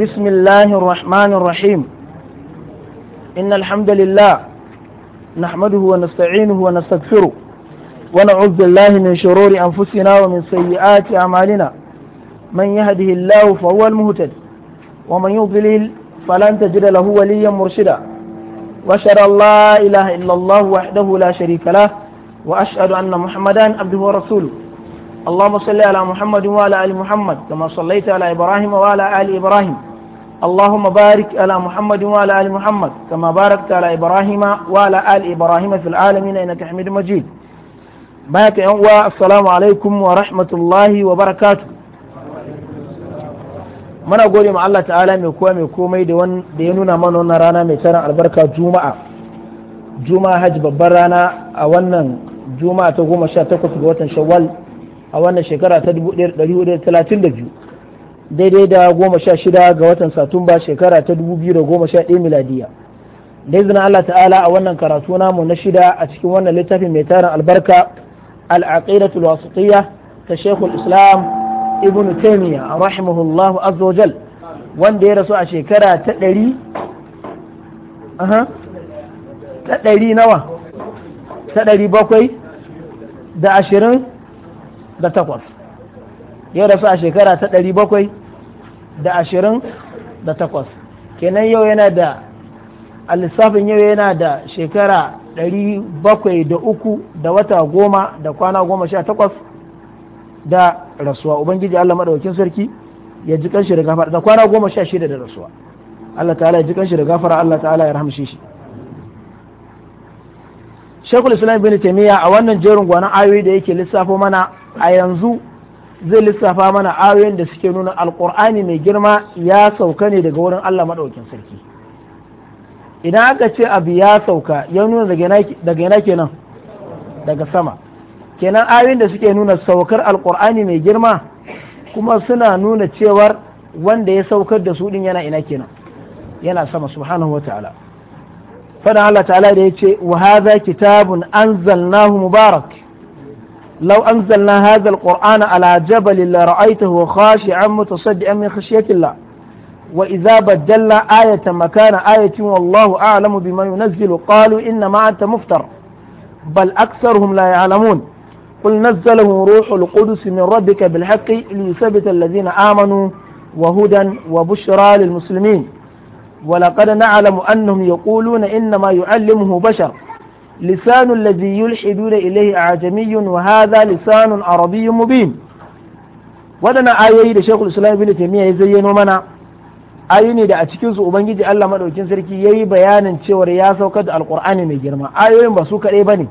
بسم الله الرحمن الرحيم إن الحمد لله نحمده ونستعينه ونستغفره ونعوذ بالله من شرور أنفسنا ومن سيئات أعمالنا من يهده الله فهو المهتد ومن يضلل فلن تجد له وليا مرشدا وأشهد أن لا إله إلا الله وحده لا شريك له وأشهد أن محمدا عبده ورسوله اللهم صل على محمد وعلى ال محمد كما صليت على ابراهيم وعلى ال ابراهيم اللهم بارك على محمد وعلى آل محمد كما باركت على إبراهيم وعلى آل إبراهيم في العالمين إنك حميد مجيد بارك يا السلام عليكم ورحمة الله وبركاته muna gode ma Allah ta'ala mai kowa mai komai da da ya nuna mana wannan rana mai tsaron albarka juma'a juma'a hajji babbar rana a wannan juma'a ta goma sha takwas ga watan shawwal a wannan shekara ta 1432 daidai da goma sha shida ga watan satumba shekara ta dubu biyu da goma sha ɗaya miladiya da izinin Allah ta'ala a wannan karatu namu na shida a cikin wannan littafin mai tarin albarka al'aqidatul wasitiyya ta shekul islam ibn taymiya rahimahullahu azza wa jal wanda ya rasu a shekara ta ɗari ta ɗari nawa ta ɗari bakwai da ashirin da takwas ya rasu a shekara ta ɗari bakwai da ashirin da takwas kenan yau yana da a lissafin yau yana da shekara ɗari bakwai da uku da wata goma da kwana goma sha takwas da rasuwa ubangiji allah maɗaukin sarki ya ji kanshi da gafara da kwana goma sha shida da rasuwa allah ta'ala ya ji kanshi da gafara allah ta'ala ya rahamshe shi shekul islam bin taimiyya a wannan jerin gwanon ayoyi da yake lissafo mana a yanzu zai lissafa mana ayoyin da suke nuna alkur'ani mai girma ya sauka ne daga wurin Allah maɗaukin sarki idan aka ce abu ya sauka ya nuna daga yana kenan daga sama kenan ayoyin da suke nuna saukar alkur'ani mai girma kuma suna nuna cewar wanda ya saukar da su din yana ina kenan yana sama subhanahu wataala fadan Allah ta'ala da ya ce wa haza kitabun anzalnahu mubarak لو أنزلنا هذا القرآن على جبل لرأيته خاشعا متصدعا من خشية الله وإذا بدلنا آية مكان آية والله أعلم بما ينزل قالوا إنما أنت مفتر بل أكثرهم لا يعلمون قل نزله روح القدس من ربك بالحق ليثبت الذين آمنوا وهدى وبشرى للمسلمين ولقد نعلم أنهم يقولون إنما يعلمه بشر لسان الذي يلحدون إليه أعجمي وهذا لسان عربي مبين waɗannan ayoyi da shekul islam ibn taimiyya zayyano mana ayoyi da a cikin su ubangiji Allah madaukin sarki ya yi bayanin cewar ya sauka da alkur'ani mai girma ayoyin ba su kadai ne?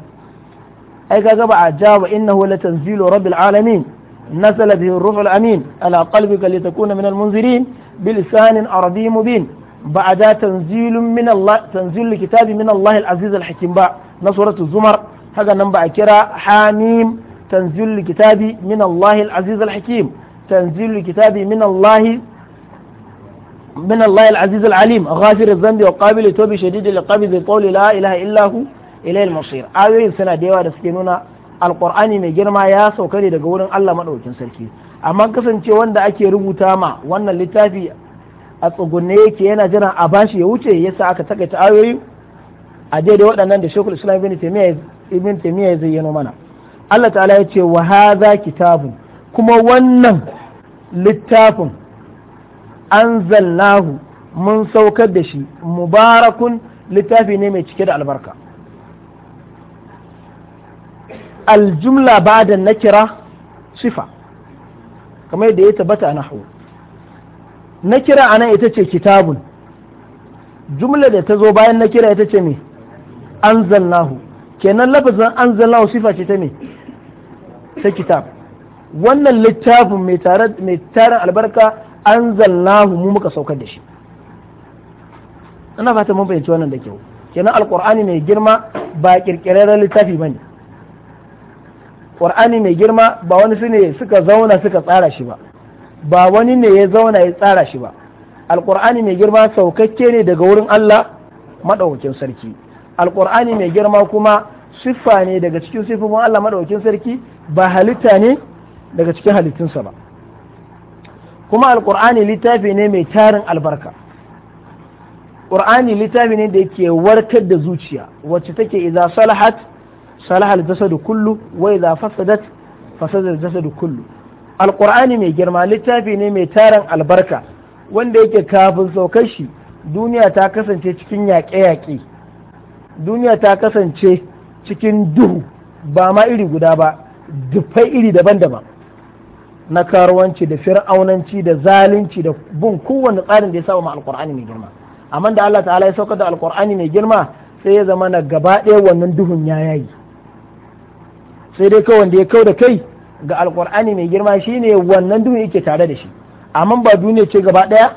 ai kaga ba a jawa innahu latanzilu rabbil alamin nasala bihi ruhul amin ala qalbika litakuna minal munzirin bilisanin arabiy mubin ba a ja tanzilun min Allah tanzilul kitabi min Allah al-aziz al-hakim ba na suratul zumar haka nan ba a kira hamim tanzilul kitabi min Allah al-aziz al-hakim tanzilul kitabi min allahi من الله العزيز العليم غافر الذنب وقابل التوب شديد العقاب ذي الطول لا اله الا هو اليه المصير اوي سنه da da suke nuna alqur'ani mai girma ya sauka ne daga wurin Allah madaukakin sarki amma kasance wanda ake rubuta ma wannan littafi a tsugunne yake yana jira a bashi ya wuce yasa aka takaita ayoyin a da waɗannan da shekul islam ibn taimiyya ya zayyano mana Allah ta'ala ya ce wa haza kitabun kuma wannan littafin an zallahu mun saukar da shi mubarakun littafi ne mai cike da albarka aljumla ba da na kira sifa kamar yadda ya tabbata a nahu kira ana ita ce kitabun jumla da ta zo bayan na kira ita ce me anzalnahu kenan lafazin anzalnahu sifa ce ta ne ta kitab wannan littafin mai tarin albarka anzalnahu mu muka saukar da shi ina fata mun bayyana wannan da kyau kenan alqur'ani mai girma ba kirkirarren littafi bane qur'ani mai girma ba wani su ne suka zauna suka tsara shi ba ba wani ne ya zauna ya tsara shi ba alqur'ani mai girma saukakke ne daga wurin Allah madaukakin sarki Alƙur'ani mai girma kuma siffa ne daga cikin siffofin Allah madaukakin sarki ba halitta ne daga cikin halittunsa ba kuma Alƙur'ani littafi ne mai tarin albarka qur'ani littafi ne da yake warkar da zuciya wacce take idza salahat salaha al-jasadu kullu wa idza fasadat fasada al-jasadu kullu alqur'ani mai girma littafi ne mai tarin albarka wanda yake kafin saukar shi duniya ta kasance cikin yaƙe-yaƙe duniya ta kasance cikin duhu ba ma iri guda ba dufai iri daban-daban na karuwanci da fir'aunanci da zalunci da bin kowane tsarin da ya saba ma alkur'ani mai girma amma da Allah ta'ala ya saukar da alkur'ani mai girma sai ya zama na gaba ɗaya wannan duhun ya yayi sai dai kawai wanda ya kau da kai ga alkur'ani mai girma shine wannan duhun yake tare da shi amma ba duniya ce gaba ɗaya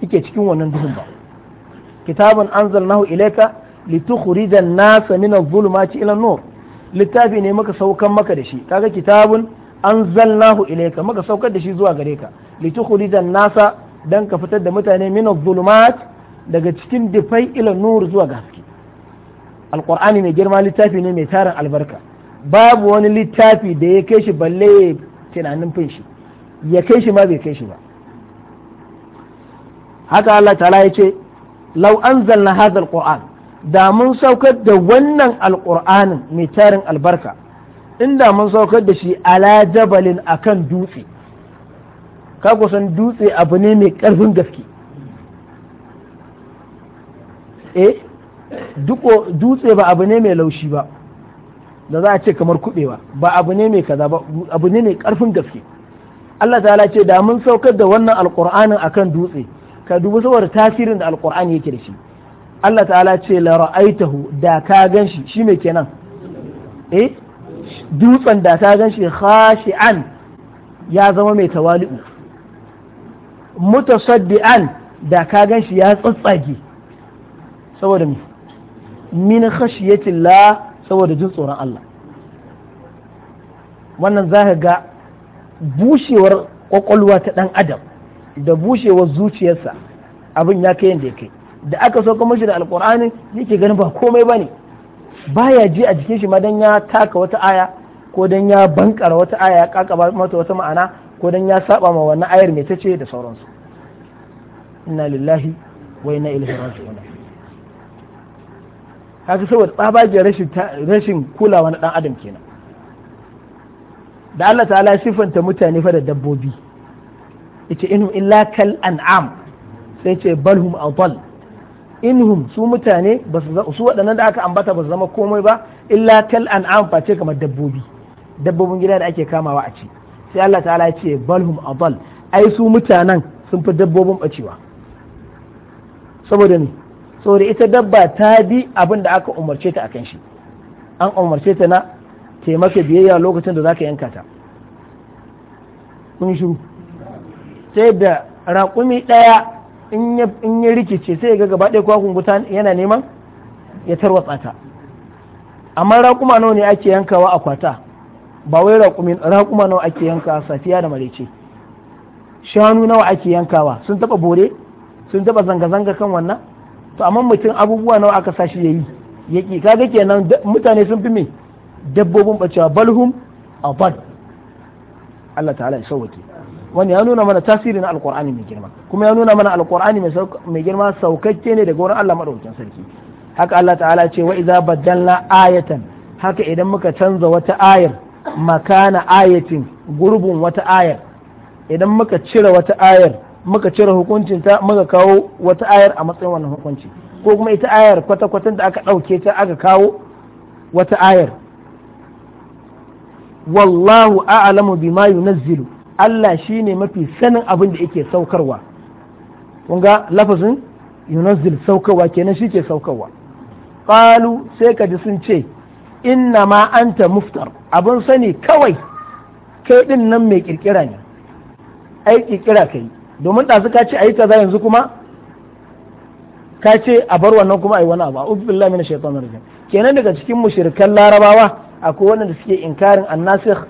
yake cikin wannan duhun ba kitabun anzalnahu ilayka litukhrijan nasa min adh-dhulumati ila littafi ne muka saukan maka da shi kaga kitabun anzalnahu ilayka maka saukar da shi zuwa gare ka litukhrijan nasa dan ka fitar da mutane min adh-dhulumat daga cikin difai ila nur zuwa gaske alqur'ani mai girma littafi ne mai tarin albarka babu wani littafi da ya kai shi balle tunanin fin shi ya kai shi ma bai kai shi ba haka Allah ta'ala ya ce law anzalna hadha alqur'an da mun saukar da wannan alƙur'anin mai tarin albarka inda mun saukar da shi ala jabalin akan dutse ka san dutse abu ne mai ƙarfin gaske eh dutse ba abu ne mai laushi ba da za a ce kamar kuɓewa ba abu ne mai kaza ba abu ne mai ƙarfin gaske Allah ta'ala ce da mun saukar da wannan alƙur'anin akan dutse ka dubi saboda tasirin da alƙur'ani yake da shi Allah ta'ala ce la ra'aitahu da ka gan shi shi me kenan eh dutsen da ka shi khashi'an ya zama mai tawali'u mutasaddian da ka gan shi ya tsatsage saboda mi min khashiyatillah saboda jin tsoron Allah wannan za ga bushewar kwakwalwa ta ɗan adam da bushewar zuciyarsa abin ya kai yadda ya kai da aka sauka mashi da alkur'ani yake ganin ba komai bane baya ji a jikin shi ma dan ya taka wata aya ko dan ya bankara wata aya ya kakaba mata wata ma'ana ko dan ya saba ma wannan ayar mai tace da sauransu inna lillahi wa inna ilaihi raji'un haka saboda tsabagiyar rashin rashin kulawa na dan adam kenan da Allah ta'ala sifanta mutane fa da dabbobi ita inhum illa kal an'am sai ce balhum adall inhum su mutane su waɗannan da aka ambata ba su zama komai ba illa kal an'am face kamar dabbobi dabbobin gida da ake kamawa a ci sai Allah ta'ala ya ce balhum adal ai su mutanen sun fi dabbobin bacewa saboda ni saboda ita dabba ta bi abin da aka umarce ta akan shi an umarce ta na taimaka biyayya lokacin da zaka yanka ta kun shiru sai da raƙumi ɗaya in ya rikice sai ya ga gaba ɗaya kwakun yana neman ya tarwatsa ta amma raƙuma nawa ne ake yankawa a kwata ba wai raƙuma nawa ake yanka safiya da marece shanu nawa ake yankawa sun taɓa bore sun taɓa zanga-zanga kan wannan to amma mutum abubuwa nawa aka sashi ya yi yaki kaga kenan mutane sun fi me dabbobin bacewa balhum a Allah ta'ala ya sauwake wani ya nuna mana tasiri na alkur'ani mai girma kuma ya nuna mana alkur'ani mai girma saukakke ne daga wurin Allah madaukakin sarki haka Allah ta'ala ce wa idza badalna ayatan haka idan muka canza wata ayar makana ayatin gurbin wata ayar idan muka cire wata ayar muka cire ta muka kawo wata ayar a matsayin wannan hukunci ko kuma ita ayar kwata-kwatan da aka ɗauke ta aka kawo wata ayar wallahu a'lamu bima yunazzilu Allah shi ne mafi sanin abin da yake saukarwa kun ga lafazin yunazzil saukarwa kenan shi ke saukarwa qalu sai ka ji sun ce inna ma anta muftar abun sani kawai kai din nan mai kirkira ne ai kirkira kai domin ɗazu ka ce ayi kaza yanzu kuma ka ce a bar wannan kuma ayi wani abu a'udhu billahi minash shaitanir rajim kenan daga cikin mushrikan larabawa akwai wanda suke inkarin annasikh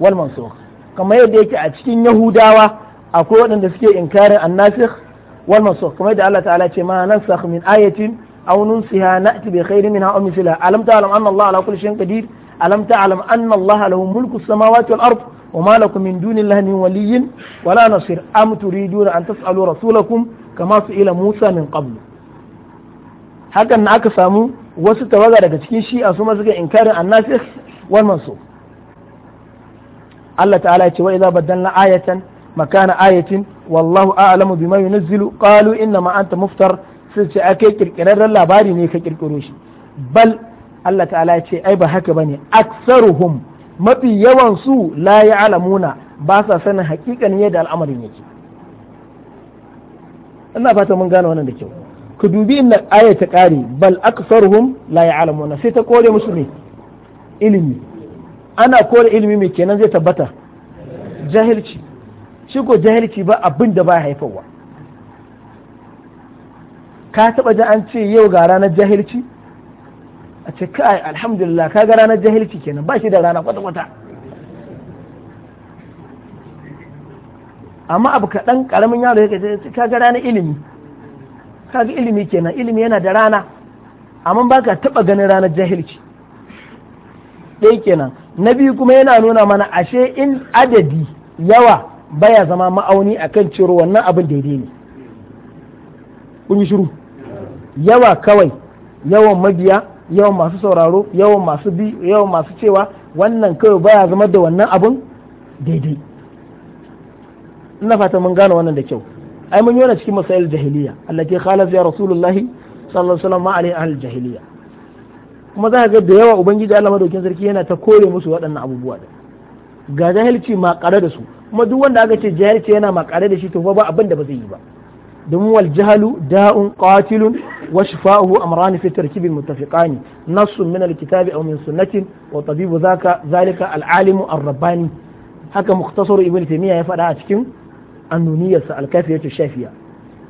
wal mansukh kamar yadda yake a cikin yahudawa akwai waɗanda suke inkarin annasikh wal mansukh kamar yadda Allah ta'ala ce ma nansakh min ayatin aw nunsiha na'ti bi khairin minha aw mithliha alam ta'lam anna Allah ala kulli shay'in qadir alam ta'lam anna Allah lahu mulku samawati wal ard وما لكم من دون الله من ولي ولا نصير أم تريدون أن تسألوا رسولكم كما سئل موسى من قبل aka samu wasu tawaga daga cikin shi a su suka inkarin annasikh wal mansukh Allah ta'ala ya ce wa idza badalna ayatan makana ayatin wallahu a'lamu bima yunzilu qalu inna ma anta muftar sai ce ake kirkirarren labari ne ka kirkiro shi bal Allah ta'ala ya ce ai ba haka bane aksaruhum mafi yawan su la ya'lamuna ba sa sanin hakikan yadda al'amarin yake ina fata mun gane wannan da kyau ku dubi inna aya ta kare bal aksaruhum la ya'lamuna sai ta kore musu ne ilimi ana kore ilimi mai kenan zai tabbata jahilci shi ko jahilci ba abin da ba haifarwa ka taba ji an ce yau ga ranar jahilci a ce kai alhamdulillah ka ga ranar jahilci kenan ba shi da rana kwata-kwata amma abu kaɗan ƙaramin yaro ya ce ka ga ranar ilimi ka ga ilimi kenan ilimi yana da rana amma ba ka taɓa ganin ranar jahilci ɗaya kenan na biyu kuma yana nuna mana ashe in adadi yawa baya zama ma'auni akan ciro wannan abin daidai ne kun yi shiru yawa kawai yawan mabiya yawan masu sauraro yawan masu bi yawan masu cewa wannan kawai baya zama da wannan abin daidai ina fata mun gane wannan da kyau ai mun yi cikin masayil jahiliya allati khalaf ya rasulullahi sallallahu alaihi wasallam ma alaihi jahiliya kuma za ga da yawa ubangiji Allah madaukin sarki yana ta kore musu waɗannan abubuwa da ga jahilci makare da su kuma duk wanda aka ce jahilci yana makare da shi to ba abin da ba zai yi ba domin wal jahalu da'un qatilun wa shifa'uhu amran fi tarkibil muttafiqan nasu min kitabi aw min sunnatin wa tabibu zaka zalika al-alimu ar-rabbani haka mukhtasar ibn taymiya ya faɗa a cikin annuniyarsa al-kafiyatu shafiya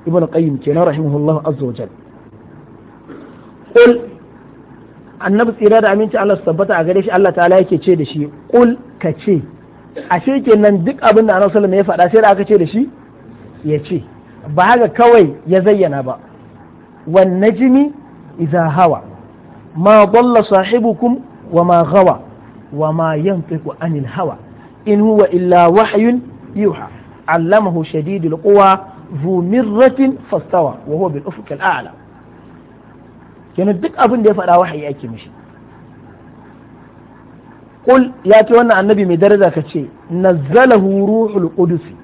ibn qayyim kenan rahimahullahu azza wa jalla annabi tsira da aminci Allah su tabbata a gare shi Allah ta'ala yake ce da shi kul ka ce ashe kenan duk abin da annabi sallallahu alaihi wasallam ya faɗa sai da aka ce da shi ya ce ba haka kawai ya zayyana ba wan najmi idza hawa ma dalla sahibukum wa ma ghawa wa ma yanfiqu anil hawa in huwa illa wahyun yuha allamahu shadidul quwa ذو مرة فاستوى وهو بالأفق الأعلى kenan duk abin da ya faɗa wahayi ake mishi kul ya ce wannan annabi mai daraja ka ce nazzalahu ruhul qudusi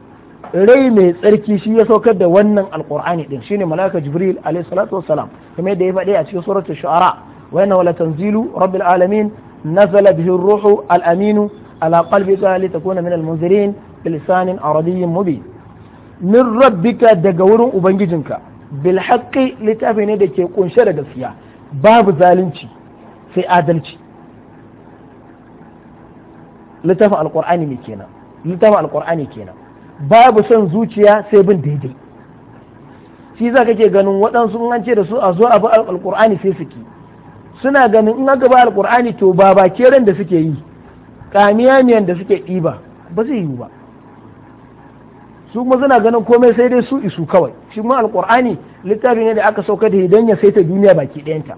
rai mai tsarki shi ya saukar da wannan alqur'ani din shine malaika jibril alayhi salatu wassalam kuma yadda ya faɗi a cikin suratul shu'ara wa inna wala tanzilu rabbil alamin nazala bihi ruhu al aminu ala qalbika litakuna min al munzirin bilisanin arabiyyin mubin min rabbika daga wurin ubangijinka Bilhaƙi littafi ne da ke kunshe da gaskiya babu zalunci sai adalci littafin Alƙur'ani ne kenan littafin Alƙur'ani kenan babu son zuciya sai bin daidai shi za ka ke ganin waɗansu in an ce da su a zo a bi sai suke suna ganin in aka bi alqur'ani to ba ba da suke yi kamiyamiyan da suke ɗiba ba zai yiwu ba su kuma suna ganin komai sai dai su isu kawai shi ma alqur'ani littafi ne da aka sauka da idan ya saita duniya baki ɗayanta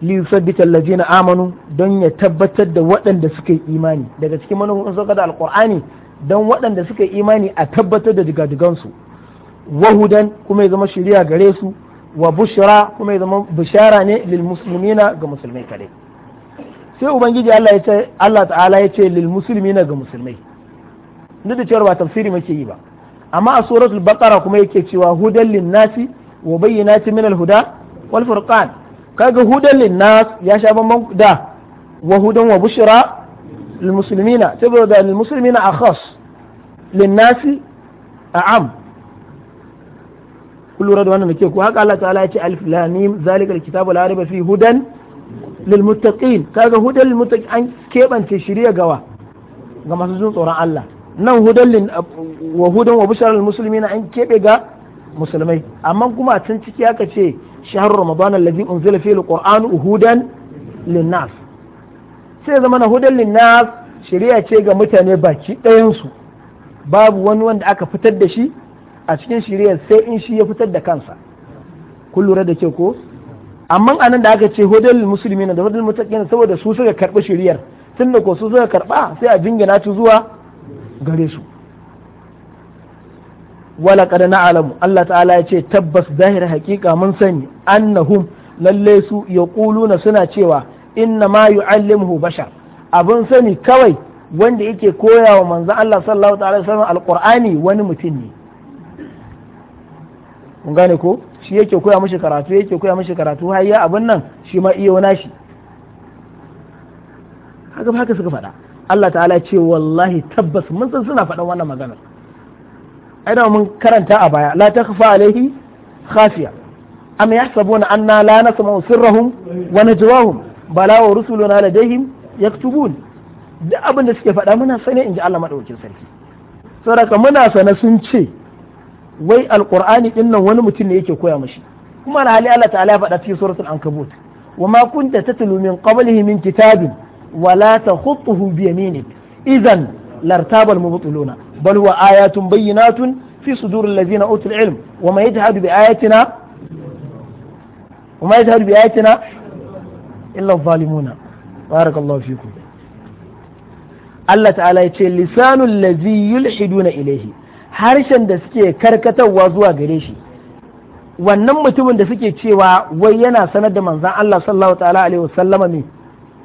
li yusabbita allazina amanu don ya tabbatar da waɗanda suka yi imani daga cikin manufofin sauka da alqur'ani don waɗanda suka yi imani a tabbatar da digadigansu wahudan kuma ya zama shiriya gare su wa bushra kuma ya zama bishara ne lil muslimina ga musulmai kadai sai ubangiji Allah ya ce Allah ta'ala ya ce lil muslimina ga musulmai duk da cewa ba tafsiri muke yi ba amma a suratul baqara kuma yake cewa hudan linnasi wa bayyinati min al-huda wal furqan kaga hudan linnas ya sha bamban da wa hudan wa bushra lil muslimina saboda lil muslimina akhas linnasi a'am kun lura da wannan da ke ku haka Allah ta'ala ya ce alif lam mim zalikal kitabu la raiba fi hudan lil muttaqin kaga hudan lil muttaqin an kebance shiriya gawa ga masu jin tsoron Allah nan hudallin wa hudan wa bushar na an kebe ga musulmai amma kuma tun ciki aka ce shahar ramadan allazi unzila al-qur'an hudan linnas sai zama na hudan linnas shari'a ce ga mutane baki ɗayan su babu wani wanda aka fitar da shi a cikin shari'a sai in shi ya fitar da kansa kun lura da ke ko amma anan da aka ce hudan muslimina da hudan muttaqina saboda su suka karɓi shari'ar tunda ko su suka karɓa sai a jingina ta zuwa gare su wala kada na alamu Allah ta'ala ya ce tabbas zahir hakika mun sani annahum lalle su ya kuluna suna cewa inna ma yu'allimuhu bashar abin sani kawai wanda yake koya wa manzon Allah sallallahu ta'ala ya wasallam alqur'ani wani mutum ne kun gane ko shi yake koya mishi karatu yake koya mishi karatu har abin nan shi ma iya wani shi haka haka suka faɗa Allah ta'ala ce wallahi tabbas mun san suna faɗan wannan maganar ai da mun karanta a baya la takhfa alaihi khafiya am yahsabuna anna la nasma'u sirrahum wa najwahum bala wa rusuluna ladaihim yaktubun duk abin da suke faɗa muna sane inji Allah madaukakin sarki saboda muna sane sun ce wai alqur'ani din nan wani mutum ne yake koya mashi kuma alhali Allah ta'ala ya faɗa cikin suratul ankabut wa ma kunta tatlu min qablihi min kitabin wala takhutuhu bi yaminik idan lartabal mubtiluna bal wa ayatun bayyinatun fi sudur allazina utul ilm wa ma yajhadu bi ayatina wa ma yajhadu bi ayatina illa zalimuna barakallahu fikum Allah ta'ala ya ce lisanul ladzi yulhiduna harshen da suke karkatarwa zuwa gare shi wannan mutumin da suke cewa wai yana sanar da manzan Allah sallallahu ta'ala alaihi wasallama ne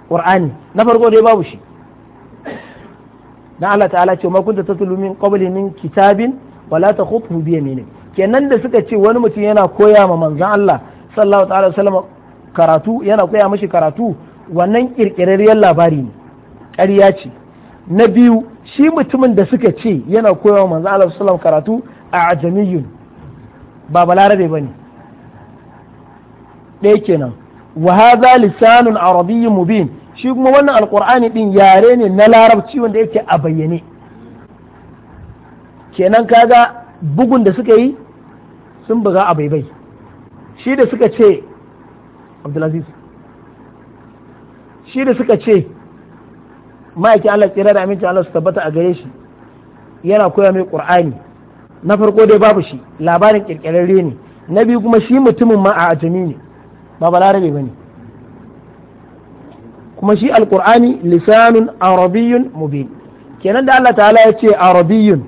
qur'ani na farko dai babu shi dan Allah ta'ala ce ma kunta tatlu min qabli min kitabin wala takhutu bi yaminik kenan da suka ce wani mutum yana koya ma manzon Allah sallallahu ta'ala wasallam karatu yana koya mashi karatu wannan kirkirarriyar labari ne ƙarya ce na biyu shi mutumin da suka ce yana koya wa manzo Allah sallallahu karatu a ajamiyun ba balarabe bane ɗaya kenan wa hadha lisanun arabiyyun mubin shi kuma wannan alqur'ani din yare ne na larabci wanda yake a bayyane kenan kaga bugun da suka yi sun buga a baibai shi da suka ce shi da suka ce ma'aikin Allah tsira da amincin Allah su tabbata a gare shi yana koya mai qur'ani na farko dai babu shi labarin kirkirarre ne na biyu kuma shi mutumin ma a ajami ne ba balarabe ba ne kuma shi alkur'ani lisanun arabiyyun mubin kenan da Allah ta'ala ya ce arabiyyun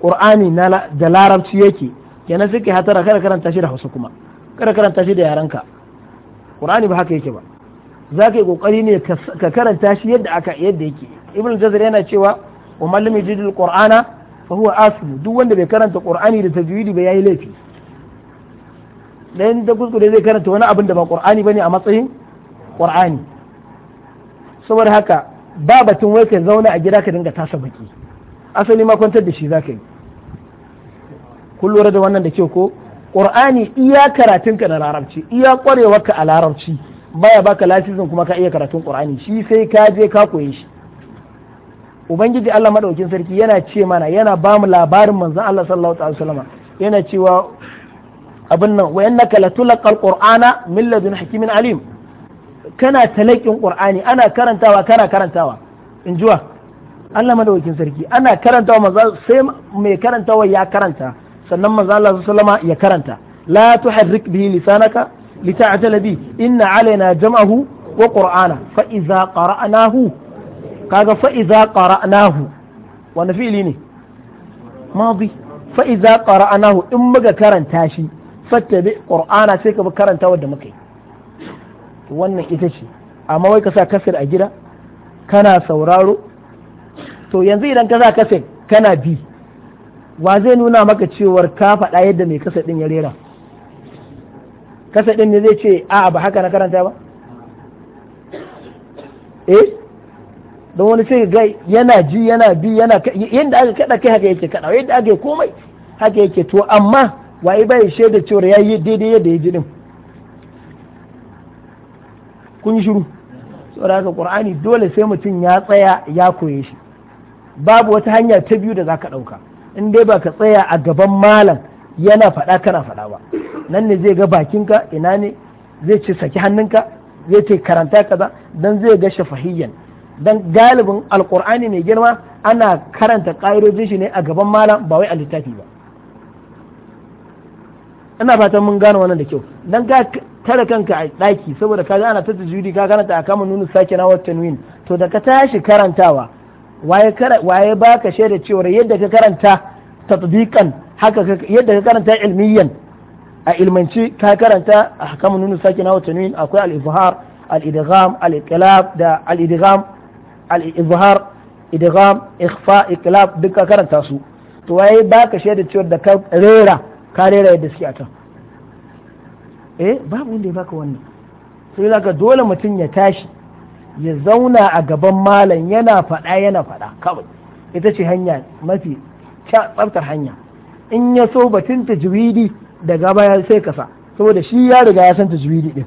qur'ani da larabci yake kenan suke hatara kada karanta shi da hausa kuma kada karanta shi da yarenka qur'ani ba haka yake ba za ka yi kokari ne ka karanta shi yadda aka yadda yake ibn jazar yana cewa wa mallami jidul qur'ana fa huwa asmu duk wanda bai karanta qur'ani da tajwidi ba yayi laifi ɗayan da kuskure zai karanta wani abin da ba qur'ani bane a matsayin qur'ani saboda haka ba batun wai ka zauna a gida ka dinga tasa baki asali ma kwantar da shi za ka yi kun lura da wannan da kyau ko ƙur'ani iya karatunka da larabci iya ka a larabci baya baka lasisin kuma ka iya karatun ƙurani shi sai ka je ka koye shi ubangiji Allah maɗaukin sarki yana ce mana yana ba mu labarin manzon Allah sallallahu alaihi wasallam yana cewa abin nan wa innaka latulqal qur'ana min ladun hakimin alim kana talakin qur'ani ana karantawa kana karantawa in jiwa Allah madawakin sarki ana karantawa maza sai mai karantawa ya karanta sannan manzo Allah sallama ya karanta la tuharrik bihi lisanaka lita'tala bi inna alaina jam'ahu wa qur'ana fa idza qara'nahu kaga fa idza qara'nahu wani fili ne madi fa idza qara'nahu in muka karanta shi fattabi qur'ana sai ka bi karanta wadda muka yi wannan ita ce amma wai ka sa kasir a gida kana sauraro to yanzu idan ka sa kasir kana bi wa zai nuna maka cewar ka faɗa yadda mai kasa din ya rera kasa din ne zai ce a'a ba haka na karanta ba eh don wani sai ga yana ji yana bi yana yadda aka kada kai haka yake kada yadda aka komai haka yake to amma waye ya shaida cewar ya yi daidai yadda ya ji din kun shiru saboda haka qur'ani dole sai mutum ya tsaya ya koye shi babu wata hanya ta biyu da za ka ɗauka in dai ba ka tsaya a gaban malam yana faɗa kana faɗa ba nan ne zai ga bakinka ina ne zai ci saki hannunka zai ce karanta kaza dan zai ga shafahiyyan dan galibin alqur'ani mai girma ana karanta ƙa'idojin shi ne a gaban malam ba wai a littafi ba ina fatan mun gane wannan da kyau dan ka tare kanka a daki saboda ka ana ta tajudi ka karanta a kamar nunu sake na wata win to da ka tashi karantawa waye waye baka shaida cewa yadda ka karanta tatbiqan haka yadda ka karanta ilmiyan a ilmanci ka karanta a kamar nunu sake na wata win akwai al-izhar al-idgham al-iqlab da al-idgham al-izhar idgham ikhfa iqlab duka karanta su to waye baka shaida cewa da ka rera ka rera yadda suke a can eh babu wanda ya baka wannan sai zaka dole mutum ya tashi ya zauna a gaban malam yana faɗa yana faɗa kawai ita ce hanya mafi tsaftar hanya in ya so batun tajwidi daga baya sai kasa saboda shi ya riga ya san tajwidi din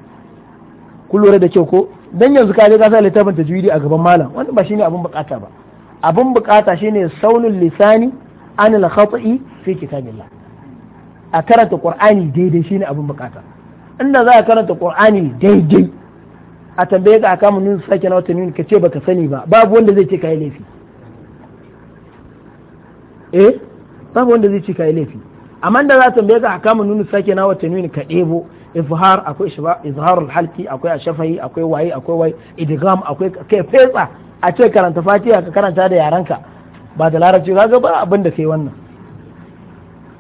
kun lura da kyau ko dan yanzu ka je ka sa littafin tajwidi a gaban malam wanda ba shine abun bukata ba abin bukata shine saunul lisani anil khata'i fi kitabillah a karanta qur'ani daidai shine abin bukata inda za a karanta qur'ani daidai a tambaye ka aka mun sake na wata ka ce baka sani ba babu wanda zai ce kai laifi eh babu wanda zai ce kai laifi amma da za a tambaye ka aka mun nuni sake na wata ka debo izhar akwai izharul halqi akwai ashafai akwai wayi akwai wayi idgham akwai kai fetsa a ce karanta fatiha ka karanta da yaranka ba da larabci kaga ba abin da kai wannan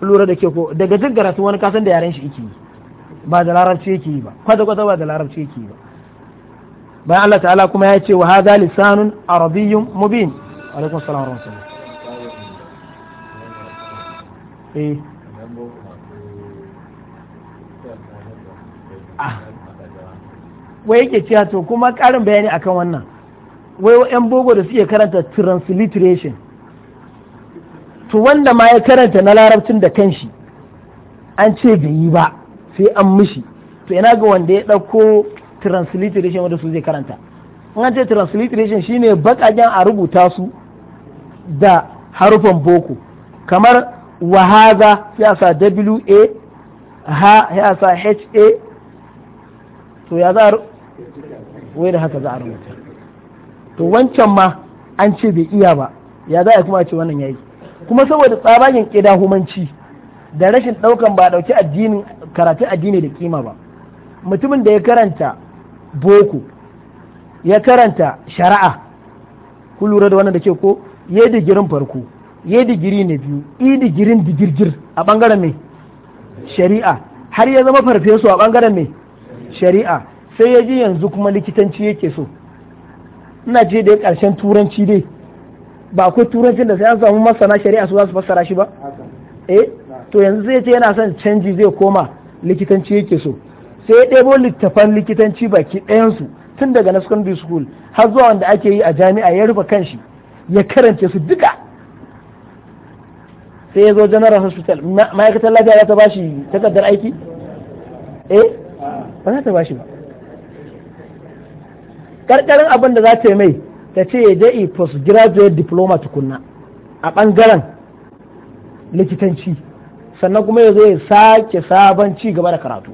lura da ke ko daga jin garatu wani kasan da yaren shi yake yi ba da larabci yake yi ba kwata kwata ba da larabci yake yi ba bayan Allah ta'ala kuma ya ce wa hadha lisanun arabiyyun mubin alaikum salam wa rahmatullah eh ah. wai yake cewa to kuma karin bayani akan wannan wai yan bogo da suke karanta transliteration to wanda ma ya karanta na larabcin da kanshi an ce bai yi ba sai an mishi to ina ga wanda ya ɗauko transliteration wanda su zai karanta in an ce transliteration shine bakajen a rubuta su da harufan boko kamar wahaza ya sa w a ha ya sa h a to ya za wai da haka za a rubuta to wancan ma an ce bai iya ba ya za a kuma ce wannan yayi kuma saboda tsabagen humanci da rashin ɗaukan ba ɗauki addinin karatu addini da kima ba mutumin da ya karanta boko ya karanta shari'a ku lura da wannan da ke ko ya digirin farko ya digiri na biyu i digirin digirgir a bangaren mai shari'a har ya zama farfesu a bangaren mai shari'a sai ya ji yanzu kuma likitanci yake so ina ce da ya karshen turanci dai ba akwai turancin da sai an samu masana shari'a su za su fassara shi ba eh to yanzu zai ce yana son canji zai koma likitanci yake so sai ya ɗebo littafan likitanci baki ɗayansu tun daga na secondary school har zuwa wanda ake yi a jami'a ya rufe kanshi ya karance su duka sai ya zo general hospital ma'aikatar lafiya za ta ba shi takardar aiki eh ba za ta ba shi ba karkarin abin da za ta yi mai ta ce ya dai postgraduate diploma tukunna a ɓangaren likitanci sannan kuma ya zo ya sake sabon ci gaba da karatu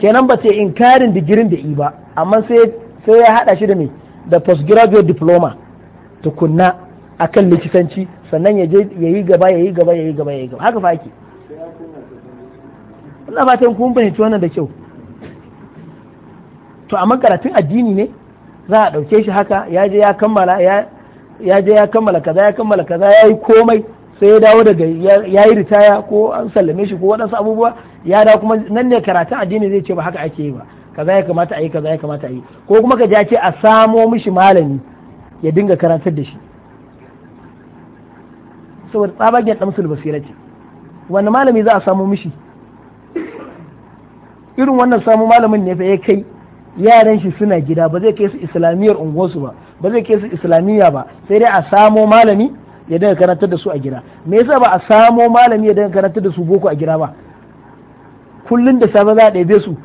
kenan ba ta yi inkarin digirin da i ba amma sai ya haɗa shi da mai da postgraduate diploma tukunna a kan likitanci sannan ya yi gaba ya yi gaba ya yi gaba ya yi gaba haka fa ake fatan kun fahimci wannan da kyau to amma karatun addini ne za a ɗauke shi haka ya je ya kammala ya kaza ya kammala kaza ya yi komai sai ya dawo daga ya yi ritaya ko an sallame shi ko waɗansu abubuwa ya dawo kuma nan ne karatun addini zai ce ba haka ake yi ba kaza ya kamata a yi kaza ya kamata a yi ko kuma ka ce a samo mishi malami ya dinga karantar da shi saboda tsabagen damsul basira ce wani malami za a samo mishi irin wannan samo malamin ne fa ya kai yaran shi suna gida ba zai kai su islamiyyar unguwarsu ba ba zai kai su islamiyya ba sai dai a samo malami ya dinga karantar da su a gida me yasa ba a samo malami ya dinga karantar da su boko a gida ba kullun da safe za a ɗebe su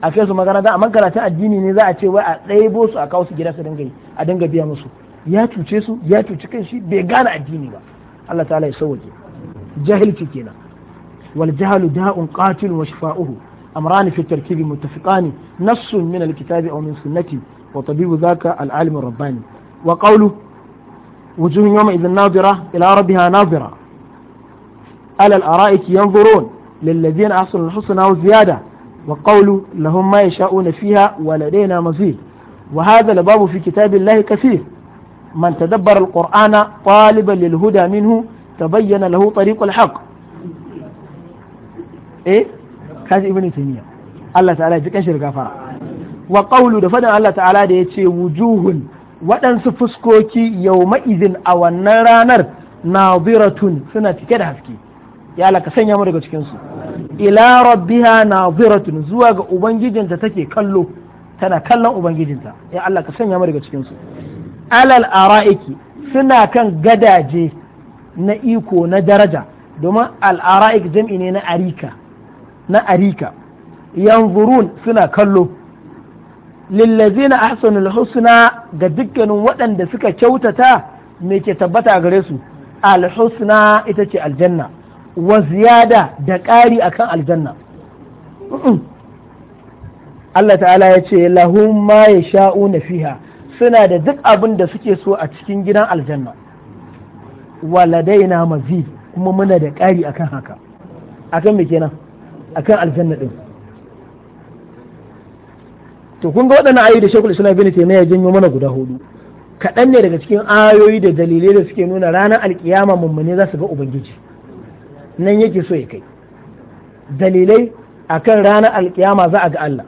a kai su makaranta amma karatun addini ne za a ce wai a ɗebo su a kawo su gida su dinga a dinga biya musu ya cuce su ya cuci kanshi bai gane addini ba Allah ta'ala ya sauke jahilci kenan wal jahlu da'un qatil wa shifa'uhu أمران في التركيب متفقان نص من الكتاب أو من سنتي وطبيب ذاك العالم الرباني وقوله وجوه يومئذ ناظرة إلى ربها ناظرة على الأرائك ينظرون للذين أحسنوا الحسنى وزيادة وقوله لهم ما يشاءون فيها ولدينا مزيد وهذا لباب في كتاب الله كثير من تدبر القرآن طالبا للهدى منه تبين له طريق الحق إيه kaji ibn taymiya Allah ta'ala ji kashir gafara wa qawlu da fadan Allah ta'ala da yace wujuhun waɗansu fuskoki yawma izin a wannan ranar nadiratun suna cike da haske ya Allah ka sanya mu daga cikin su ila rabbiha nadiratun zuwa ga ubangijinta take kallo tana kallon ubangijinta ya Allah ka sanya mu daga cikin su alal ara'iki suna kan gadaje na iko na daraja domin araik jam'i ne na arika na arika yanzurun suna kallo lillazina ahsanul husna ga dukkanin waɗanda suka kyautata me ke tabbata gare su alhusna ita ce aljanna wa ziyada da ƙari akan aljanna Allah ta'ala ya ce lahum ma yasha'una fiha suna da duk abin da suke so a cikin gidan aljanna waladaina mazid kuma muna da ƙari akan haka akan me kenan akan aljanna din to kun ga waɗannan ayoyi da shekul islam bin taimiyya ya janyo mana guda hudu kaɗan ne daga cikin ayoyi da dalilai da suke nuna ranar alkiyama mummune za su ga ubangiji nan yake so ya kai dalilai akan ranar alkiyama za a ga Allah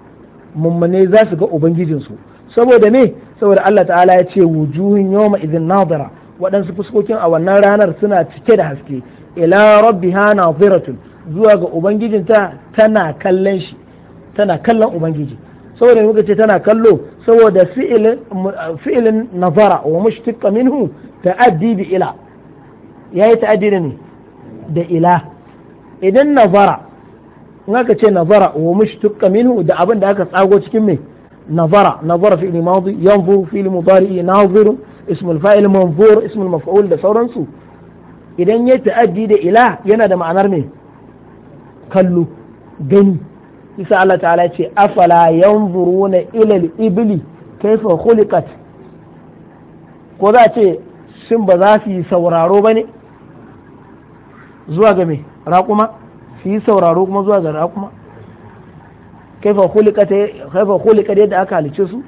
mummune za su ga ubangijinsu saboda me saboda Allah ta'ala ya ce wujuhin yawma idhin nadira waɗansu fuskokin a wannan ranar suna cike da haske ila rabbiha nadiratun zuwa ga ubangijinta tana kallon shi tana kallon ubangiji saboda muka ce tana kallo saboda fi'ilin nazara wa mushtaqqa minhu ta'addi bi ila yayi ta'addi ne da ila idan nazara muka aka ce nazara wa mushtaqqa minhu da abin da aka tsago cikin mai nazara nazara fi'il madi yanzuru fi'il mudari naziru ismul fa'il manzur ismul maf'ul da sauransu idan ya ta'addi da ila yana da ma'anar mai kallo gani isa Allah ta'ala ce afala yanzuruna ila al-ibli kaifa khuliqat ko za ce sun ba za su yi sauraro ba ne? zuwa ga me raƙuma su yi sauraro kuma zuwa ga raƙuma kaifa khuliqat kaifa yadda aka halice su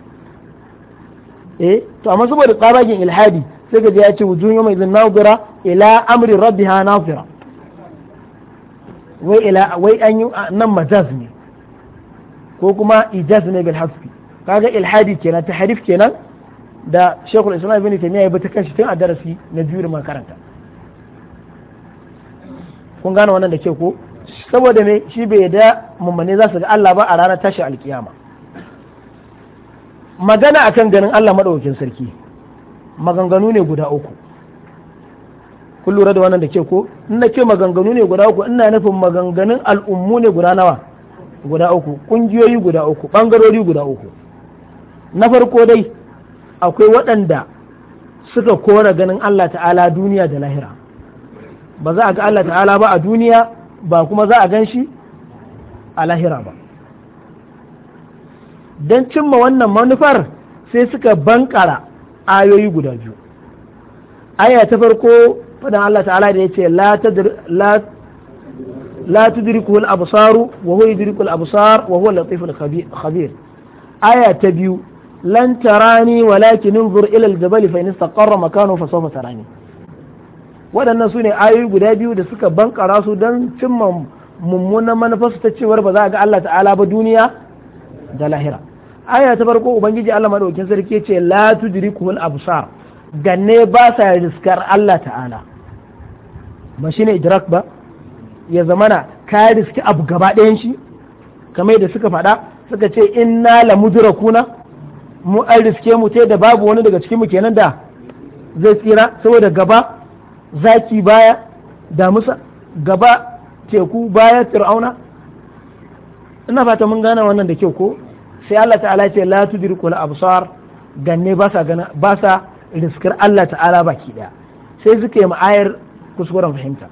eh to amma saboda tsabagen ilhadi sai ga ya ce wujuhu yawma idhin nadira ila amri rabbiha nazira wai ila wai an yi nan majaz ne ko kuma ijaz ne bil hasfi kaga ilhadi kenan ta harif kenan da shekul islam ibn taymiya ya bata kanshi tun a darasi na biyu da makaranta kun gane wannan da ke ko saboda me shi bai da mummane za su ga Allah ba a ranar tashi alkiyama magana akan ganin Allah madaukakin sarki maganganu ne guda uku kun da wannan da ke ko in na ce maganganu ne guda uku ina nufin maganganun al'ummu ne guda nawa guda uku kungiyoyi guda uku bangarori guda uku na farko dai akwai waɗanda suka kora ganin Allah ta'ala duniya da lahira ba za a ga Allah ta'ala ba a duniya ba kuma za a gan shi a lahira ba don cimma wannan manufar sai suka bankara ayoyi guda biyu aya ta farko fadan Allah ta'ala da Ya la la la tudrikul absaru wa huwa yudrikul absar wa huwa latiful khabir aya ta biyu lan tarani walakin انظر ila aljabal fa in istaqarra makanu fa sawfa tarani waɗannan su ne ayoyi guda biyu da suka bankara su don cimma mummunan manufarsu ta cewar ba za a ga Allah ta'ala ba duniya da lahira aya ta farko ubangiji Allah madaukakin sarki ce la al absar ganne ba sa riskar Allah ta'ala ba shine idrak ba ya zamana ka riski abu gaba ɗayan shi kamar yadda suka faɗa suka ce inna la mudrakuna mu an riske mu ta da babu wani daga cikin mu kenan da zai tsira saboda gaba zaki baya musa gaba teku baya fir'auna ina fata mun gane wannan da kyau ko sai Allah ta'ala ce la tudrikul absar ganne ba sa ba sa riskar Allah ta'ala baki daya sai suka yi ma'ayar kuskuren fahimta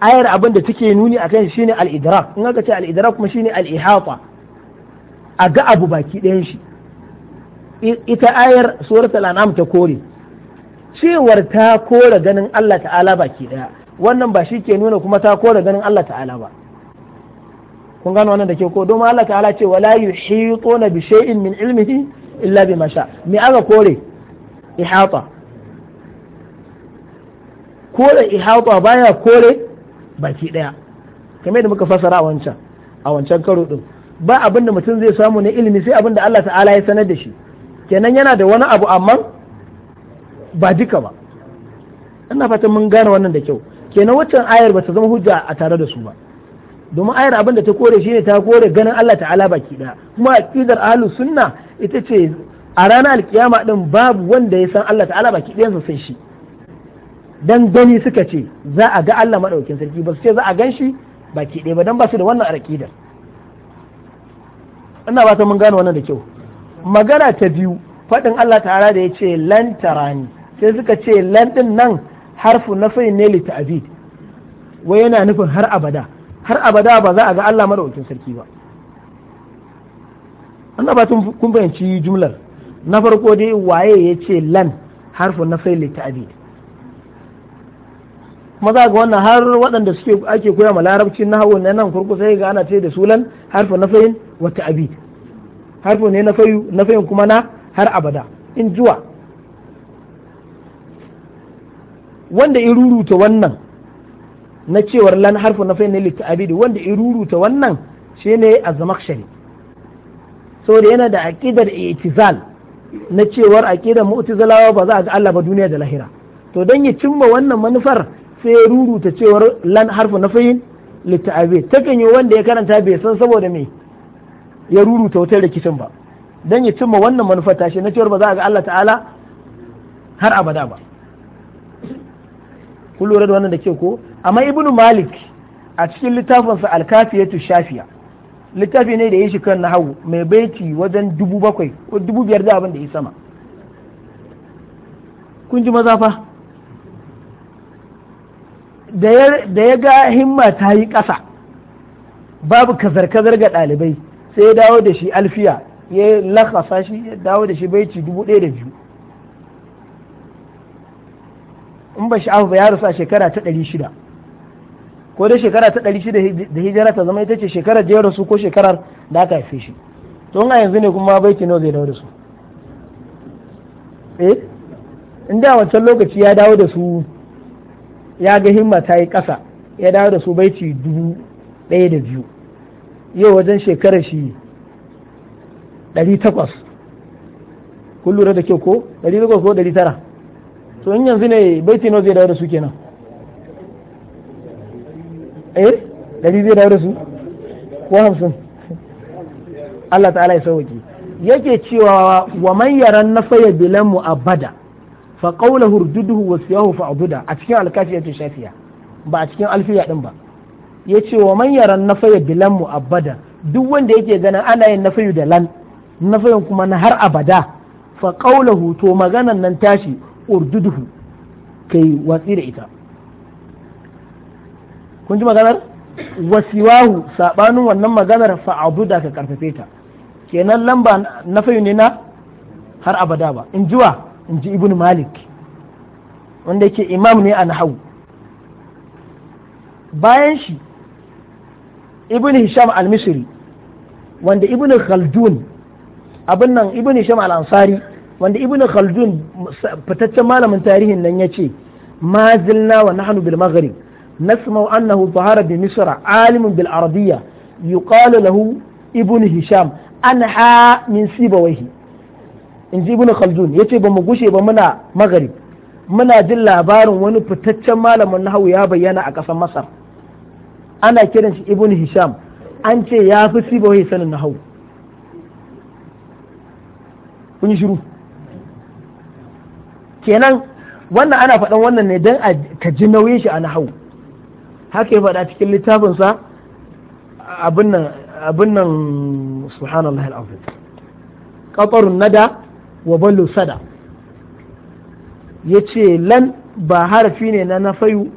ayar abin da take nuni a kan shine al in aka ce al kuma shine al a ga abu baki ɗayan shi ita ayar tsoron an'am ta kore cewar ta kore ganin Allah ta'ala baki ɗaya wannan ba shi ke nuna kuma ta kore ganin Allah ta'ala ba kun gano wannan da ke ko domin Allah ta'ala ce wala yuhituna bi shay'in min ilmihi illa bima sha me aka kore ihata kore ihata baya kore baki daya kamar da muka fasara a wancan a wancan karo din ba abin da mutum zai samu ne ilimi sai abin da Allah ta'ala ya sanar da shi kenan yana da wani abu amma ba duka ba ina fatan mun gane wannan da kyau kenan waccan ayar ba ta zama hujja a tare da su ba domin ayar abin da ta kore shine ta kore ganin Allah ta'ala baki ɗaya. kuma aqidar ahlu sunna ita ce a ranar alkiyama ɗin babu wanda ya san Allah ta'ala baki ɗayansa sai shi dan gani suka ce za a ga Allah maɗaukin sarki ba su ce za a gan shi ke ɗaya ba dan ba su da wannan aƙidar ina ba ta mun gane wannan da kyau magana ta biyu faɗin Allah ta'ala da ya ce lan tarani sai suka ce lan ɗin nan harfu na nafai ne li ta'bid wai yana nufin har abada har abada ba za a ga Allah maɗaukin sarki ba ina ba kun fahimci jumlar na farko dai waye ya ce lan harfu nafai li ta'bid kuma za ga wannan har waɗanda suke ake koya ma larabci na hawo na nan kurkusa sai ga ana ce da sulan harfa na fayin wata abi harfa ne na fayu na fayin kuma na har abada in zuwa wanda ya ruruta wannan na cewar lan harfa na fayin ne litta'abi wanda ya ruruta wannan shine azmakshari saboda yana da aƙidar i'tizal na cewar aqidar mu'tazilawa ba za a ga Allah ba duniya da lahira to don ya cimma wannan manufar sai ya ruruta cewar lan harfu na fayin litta'abe takan yi wanda ya karanta bai san saboda me ya ruruta wata rikicin ba dan ya cimma wannan manufar tashi na cewar ba za a ga Allah ta'ala har abada ba kun lura da wannan da ke ko amma ibnu malik a cikin littafinsa alkafiyatu shafiya littafi ne da ya shi kan nahawu mai baiti wajen dubu bakwai ko dubu biyar da abin da ya sama kun ji mazafa da ya ga himma ta yi ƙasa babu kazar-kazar ga ɗalibai sai ya dawo da shi alfiya ya lakasa shi ya dawo da shi baici dubu ɗaya da biyu in ba sha'afu ba ya rasu a shekara ta ɗari shida ko dai shekara ta ɗari shida da hijira ta zama ita ce shekarar da ya rasu ko shekarar da aka haife shi to a yanzu ne kuma baiti nawa zai dawo da su eh in da wancan lokaci ya dawo da su ya ga himma ta yi ƙasa ya dawo da su baiti dubu ɗaya da biyu yau wajen shekarar shi ɗari takwas kun lura da kyau ko ɗari takwas ko ɗari tara to in yanzu ne baiti nawa zai dawo da su kenan eh ɗari zai dawo da su ko hamsin Allah ta'ala ya sauki. yake cewa wa man yaran nafaya bilan mu abada fa urduduhu wa siyahu fa abuda a cikin alkashiyatu shafiya ba a cikin alfiya din ba yace wa man yaran nafaya bilan mu'abbada duk wanda yake ganin ana yin nafayu da lan nafayin kuma na har abada fa qawluhu to maganan nan tashi urduduhu kai watsi da ita kun ji maganar wasiwahu sabanin wannan maganar fa abuda ka karfafe ta kenan lamba nafayu ne na har abada ba in jiwa in ji ibn malik wanda yake imam ne a nahau bayan shi ibn hisham al-misri wanda ibn khaldun abin nan ibn hisham al-ansari wanda ibn khaldun fitaccen malamin tarihin nan ya ce ma zilna wa nahnu bil maghrib nasma'u annahu tahara bi misra alimun bil arabiyya yuqalu lahu ibn hisham anha min sibawayhi in ji ibn khaldun yace ba mu gushe ba muna magari muna jin labarin wani fitaccen malamin nahawu ya bayyana a ƙasar masar ana kiran shi ibn hisham an ce ya fi sibawai sanin nahawu kun shiru kenan wannan ana faɗan wannan ne don ka ji nauyin shi a nahawu haka ya faɗa cikin littafinsa abin nan nan subhanallah al'afis ƙaƙarun nada wa ballo sada ya ce lan ba harfi ne na nafayu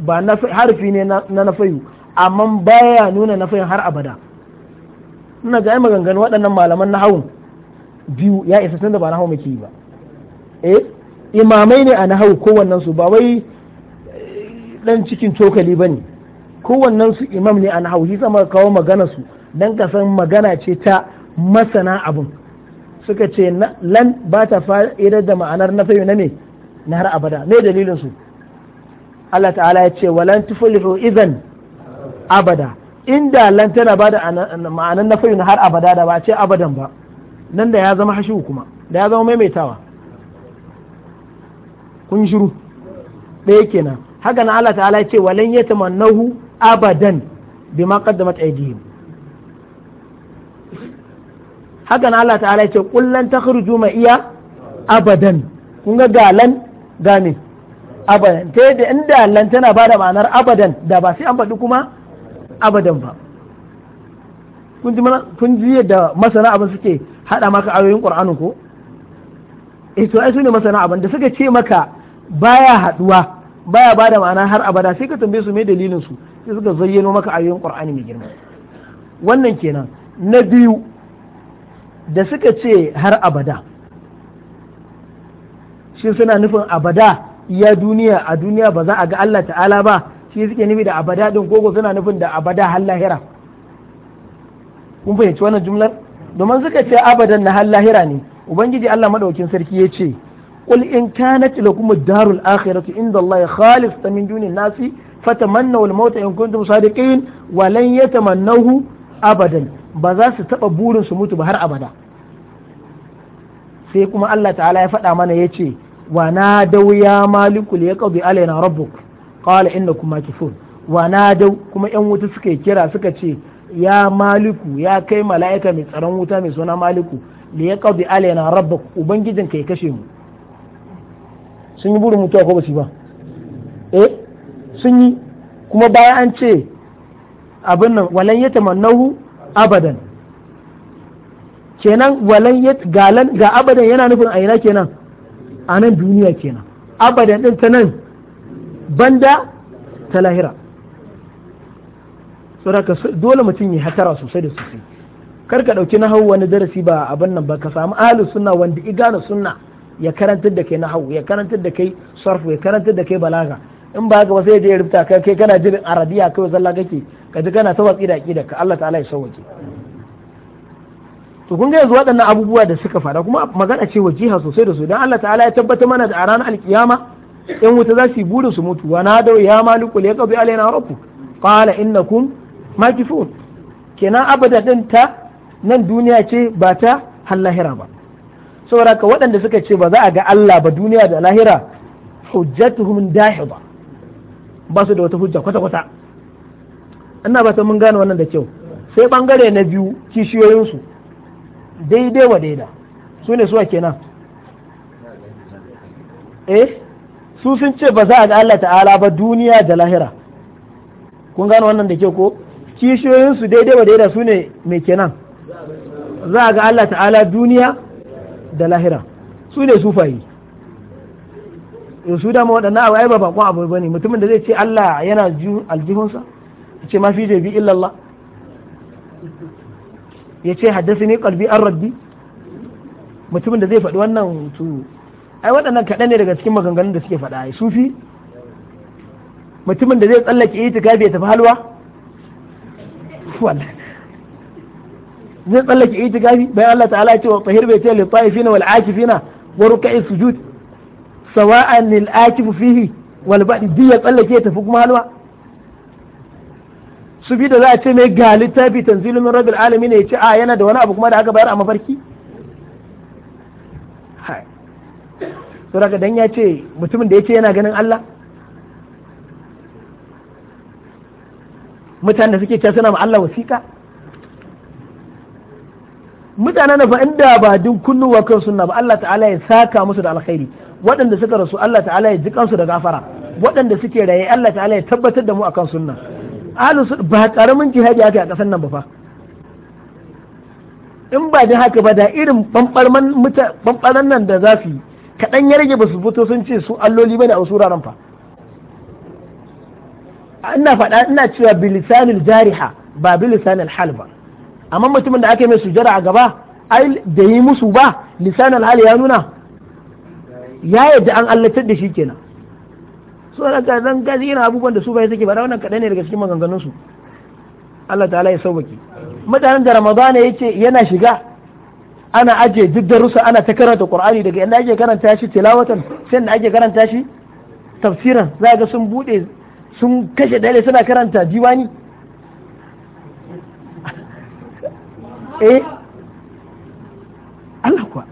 ba harfi ne na nafayu amma baya nuna nafayin har abada ina ga maganganu waɗannan malaman na hawan biyu ya isa tun da ba na hawan muke yi ba eh imamai ne a na hawan kowannen su ba wai dan eh, cikin cokali ba ne kowannen su imam ne a na hawan shi sama kawo magana su dan ka san magana ce ta masana abin suka ce lan ba ta fa'idar da ma'anar na fayu na ne na har abada me dalilin su Allah ta'ala ya ce walan tuflihu idan abada inda lan tana ba da ma'anar na fayu na har abada da ba ce abadan ba nan da ya zama hashu kuma da ya zama maimaitawa kun shiru ɗaya kenan haka na Allah ta'ala ya ce walan yatamannahu abadan bima qaddamat aydihim haka na Allah ta'ala ya ce kullan takhruju ma iya abadan kun ga galan gane abadan ta yadda inda lan tana ba da ma'anar abadan da ba sai an faɗi kuma abadan ba kun ji kun yadda masana abin suke haɗa maka ayoyin qur'anin ko e to ai su ne masana abin da suka ce maka baya haɗuwa baya ba da ma'ana har abada sai ka tambaye su me dalilin su sai suka zayyano maka ayoyin qur'ani mai girma wannan kenan na biyu da suka ce har abada shi suna nufin abada ya duniya a duniya ba za a ga Allah ta'ala ba shi suke nufi da abada din koko suna nufin da abada har lahira kun fahimci wannan jumlar domin suka ce abadan na har lahira ne ubangiji Allah Maɗaukin sarki ya ce قل إن كانت لكم الدار الآخرة عند الله خالصة من دون الناس فتمنوا الموت إن كنتم صادقين ولن يتمنوه abadan ba za su taɓa burin su mutu ba har abada sai kuma Allah ta'ala ya faɗa mana ya ce wa na dau ya maliku ya qadi ƙawala rabbuk qala innakum makifun wa na dau kuma yan wuta suka kira suka ce ya maliku ya kai mala'ika mai tsaron wuta mai suna maliku li ya qadi alaina rabbuk ubangijin ka ya kashe mu sun yi burin mutuwa ko ba su ba eh sun yi kuma bayan an ce abin nan walan ya tamannahu abadan kenan walan ya galan ga abadan yana nufin a ina kenan a nan duniya kenan abadan din ta nan banda ta lahira saboda dole mutum ya hatara sosai da sosai kar ka na nahawu wani darasi ba abin nan ba ka samu ahlus sunna wanda igana sunna ya karantar da kai nahawu ya karantar da kai sarfu ya karantar da kai balaga in ba haka ba sai je ya rubuta kai kai kana jin arabiya kawai zalla kake ka ji kana tawatsi da aqida ka Allah ta'ala ya sauke to kun ga yanzu waɗannan abubuwa da suka fara kuma magana ce wa jiha sosai da sosai dan Allah ta'ala ya tabbata mana da a ranar alkiyama in wuta za su yi su mutu wa na ya malikul ya qabi alaina rabbu qala innakum makifun kenan abada din ta nan duniya ce ba ta har ba saboda ka waɗanda suka ce ba za a ga Allah ba duniya da lahira hujjatuhum dahida ba su da wata hujja kwata-kwata ina ba ta mun gane wannan da kyau sai bangare na biyu kishiyoyinsu daidai wa daida su ne suwa kenan eh su sun ce ba za a ga Allah ta'ala ba duniya da lahira kun gane wannan da kyau ko kishiyoyinsu daidai wa daida su ne mai kenan za a ga Allah ta'ala duniya da lahira su ne sufayi to su dama waɗannan abu ai ba bakon abu ba ne mutumin da zai ce Allah yana aljihunsa ya ce ma fi bi illallah ya ce haddasa ne kalbi an rabbi mutumin da zai faɗi wannan to ai waɗannan kaɗan ne daga cikin maganganun da suke faɗa ai sufi mutumin da zai tsallake kafi ya tafi halwa zai tsallake kafi bayan Allah ta'ala ya ce wa tahir bai ce li ta'ifina wal akifina wa ruka'is sujud sawa'an lil akifu fihi wal ba'di diya tsallake ya tafi kuma halwa su bi da za a ce mai ga littafi tanzilu min rabbil alamin ya ce a yana da wani abu kuma da aka bayar a mafarki saboda dan ya ce mutumin da ya ce yana ganin Allah mutanen da suke cewa suna ma Allah wasika mutanen da ba inda ba din kunnuwa kan sunna ba Allah ta'ala ya saka musu da alkhairi waɗanda suka rasu Allah ta'ala ya ji kansu da gafara waɗanda suke raye Allah ta'ala ya tabbatar da mu akan sunna sunna ba karamin jihadi aka a ƙasar nan ba fa in ba da haka ba da irin bambaran nan da za su yi kaɗan ya rage ba su fito sun ce su alloli bane a sura wuraren fa ina faɗa ina cewa bilisanil jariha ba bilisanil hal ba amma mutumin da aka yi mai sujara a gaba ai da yi musu ba lisanil hal ya nuna ya yadda an allatar da shi kenan so daga nan gazi irin abubuwan da su bai suke ba wannan kaɗai ne daga cikin maganganun su Allah ta'ala ya sauwaki mutanen da ramadana yake yana shiga ana aje duk da rusa ana ta karanta qur'ani daga inda ake karanta shi tilawatan sai da ake karanta shi tafsiran za ga sun bude sun kashe dale suna karanta diwani eh Allah kuwa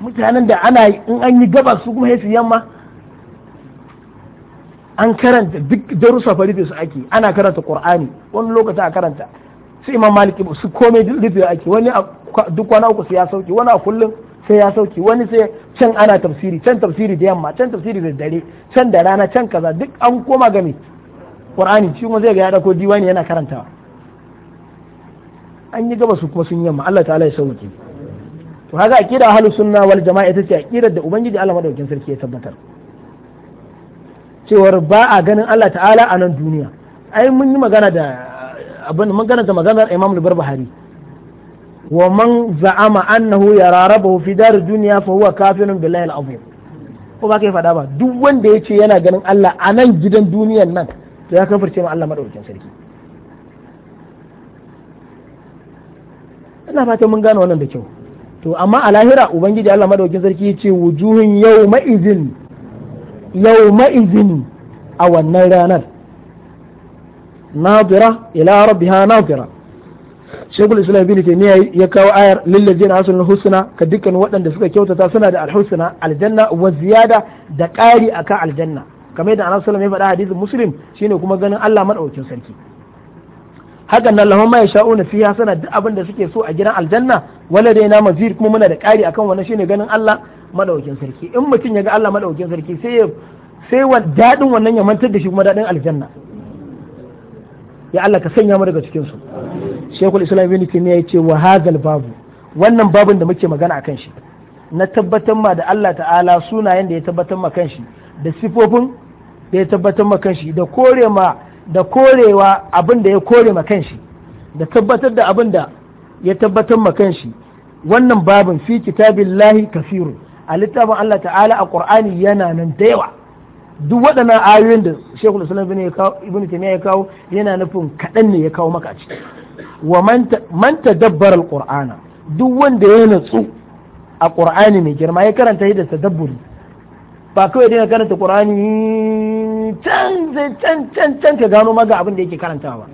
mutanen da ana in an yi gaba su kuma su yamma an karanta duk darussa fa rufe su ake ana karanta qur'ani wani lokaci a karanta su imam maliki su komai rufe ake wani duk kwana uku sai ya sauke wani a kullum sai ya sauke wani sai can ana tafsiri can tafsiri da yamma can tafsiri da dare can da rana can kaza duk an koma game qur'ani shi kuma zai ga ya dauko diwani yana karantawa an yi gaba su kuma sun yamma Allah ta'ala ya sauke to haka akida ahlu sunna wal jama'a ita ce akidar da ubangiji Allah madaukin sarki ya tabbatar cewar ba a ganin Allah ta'ala a nan duniya ai mun yi magana da abin mun gana da maganar Imam al-Barbahari wa man za'ama annahu yara fi dar dunya fa huwa kafirun billahi al-azim ko ba kai fada ba duk wanda yace yana ganin Allah a nan gidan duniyan nan to ya kafirce ma Allah madaukin sarki ina fata mun gane wannan da kyau to amma a lahira ubangiji Allah madaukin sarki ya ce wujuhun yau izin yawma izin a wannan ranar nadira ila rabbiha nadira shekul islam bin ne ya kawo ayar lillazina asulul husna ka dukkan waɗanda suka kyautata suna da alhusna aljanna wa ziyada da ƙari akan aljanna kamar yadda annabi sallallahu alaihi ya faɗa hadisin muslim shine kuma ganin Allah madaukin sarki hakan nan lahum ma yasha'una fiha sana duk abin da suke so a gidan aljanna wala dai na mazir kuma muna da ƙari akan wannan shine ganin Allah madaukin sarki in mutum ya ga Allah madaukin sarki sai ya sai wa dadin wannan ya mantar da shi kuma dadin aljanna ya Allah ka sanya mu daga cikin su Sheikhul Islam Ibn Taymiyyah yace wa hadal babu wannan babun da muke magana akan shi na tabbatar ma da Allah ta'ala sunayen da ya tabbatar ma kanshi da sifofin da ya tabbatar ma kanshi da kore ma da korewa abin da ya kore ma da tabbatar da abin da ya tabbatar ma wannan babin fi kitabillahi kafiru. a littafin Allah ta'ala a Qur'ani yana nan da yawa duk waɗannan ayoyin da Sheikhul Islam Ibn Taymiyyah ya kawo yana nufin kaɗan ne ya kawo maka a ciki wa man tadabbara al duk wanda ya natsu a Qur'ani mai girma ya karanta shi da tadabburi ba kawai dina karanta qur'ani can can can can ka gano maga abin da yake karantawa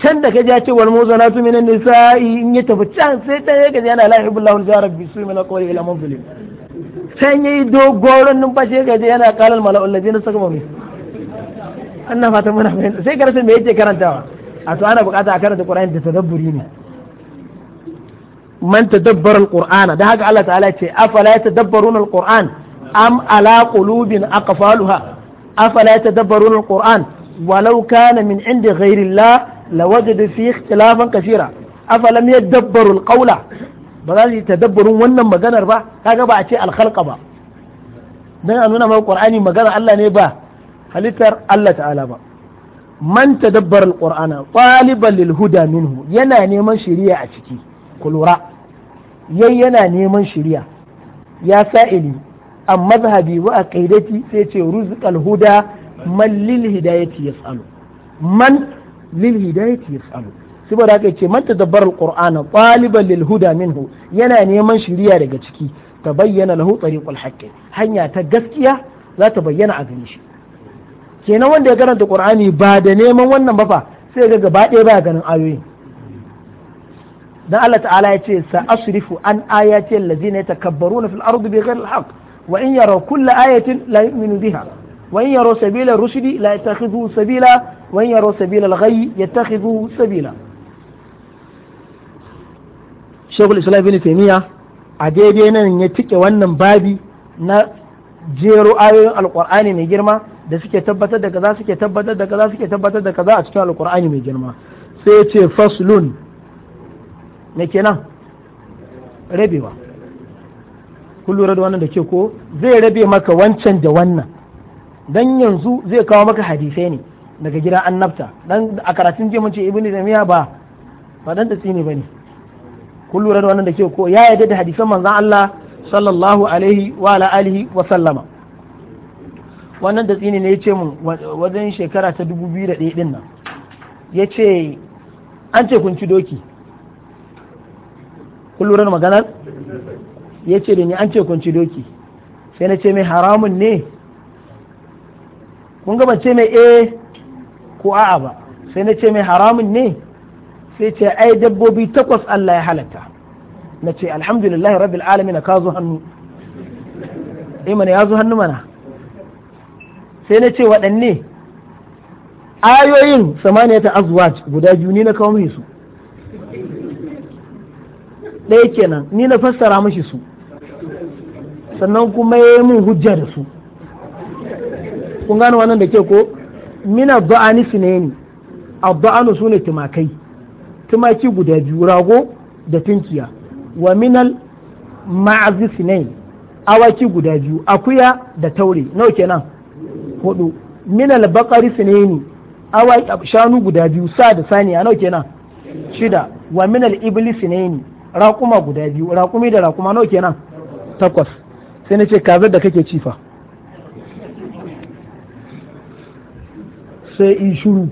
can da ka ja ce wal muzanatu minan nisa'i in ya tafi can sai ta yake yana la ilaha illallah bismillah qawli ila mublim sai yi dogoron numfashi ya gaji yana qalal mala'ul ladina sakamu min annan fatan muna fahimta sai karanta me yake karantawa a to ana bukata a karanta qur'ani da tadabburi ne man tadabbara alqur'ana da haka Allah ta'ala ce afala yatadabbaruna alqur'an am ala qulubin aqfaluha afala yatadabbaruna alqur'an walau kana min indi ghairi Allah lawajadu fi ikhtilafan kathira afalam yadabbaru alqawla ba za su yi tadabbarun wannan maganar ba kaga ba a ce alkhalqa ba dan a nuna mai qur'ani maganar Allah ne ba halittar Allah ta'ala ba man tadabbara alqur'ana taliban lil minhu yana neman shari'a a ciki kulura. yayi yana neman shiriya ya sa'ili amma mazhabi wa a kaidati sai ce ruzqal huda man lil hidayati yas'alu man lil hidayati yas'alu saboda haka ce man tadabbar alqur'ana taliban lil huda minhu yana neman shiriya daga ciki ta bayyana lahu tariqul haqqi hanya ta gaskiya za ta bayyana a gare shi kenan wanda ya karanta qur'ani ba da neman wannan ba fa sai ga gaba ɗaya ba ganin ayoyin dan Allah ta'ala ya ce sa asrifu an ayati allazina yatakabbaruna fil ardi bighayri alhaq wa in yaraw kulla ayatin la yu'minu biha wa in yaraw sabila rushdi la yattakhidhu sabila wa in yaraw sabila alghayy yattakhidhu sabila Shaykhul Islam Ibn Taymiyyah a daidai nan ya tike wannan babi na jero ayoyin alqur'ani mai girma da suke tabbatar da kaza suke tabbatar da kaza suke tabbatar da kaza a cikin alqur'ani mai girma sai ya ce faslun me kenan rabewa kun lura da wannan da ke ko zai rabe maka wancan da wannan dan yanzu zai kawo maka hadisai ne daga gida annabta dan a karatun je mun ce ibnu taymiya ba ba dan da ne bane kun lura da wannan da ke ko ya yadda da hadisan manzon Allah sallallahu alaihi wa ala alihi wa sallama wannan da tsini ne ya ce mun wajen shekara ta 2001 din nan ya ce an ce kun ci doki kun lura da maganar ya ce da ni an ce kunci ci doki sai na ce mai haramun ne kun gaba ce mai eh ko a'a ba sai na ce mai haramun ne sai ce ai dabbobi takwas Allah ya halatta na ce alhamdulillah rabbil alamin ka zo hannu eh mana ya zo hannu mana sai na ce waɗanne ayoyin samaniya ta azwaj guda biyu ne na kawo su ɗaya kenan ni na fassara mashi su sannan kuma ya yi min hujja da su kun gane wannan da ke ko mina ba'ani su ne ni ba'anu su ne tumakai tumaki guda biyu rago da tunkiya wa minal ma'azi ne awaki guda biyu akuya da taure nawa kenan hudu minal bakari Awaki shanu guda biyu sa da saniya nawa kenan shida wa minal iblis ni. raƙuma guda biyu raƙumi da raƙuma nawa kenan takwas sai na ce kazar da kake cifa sai in shuru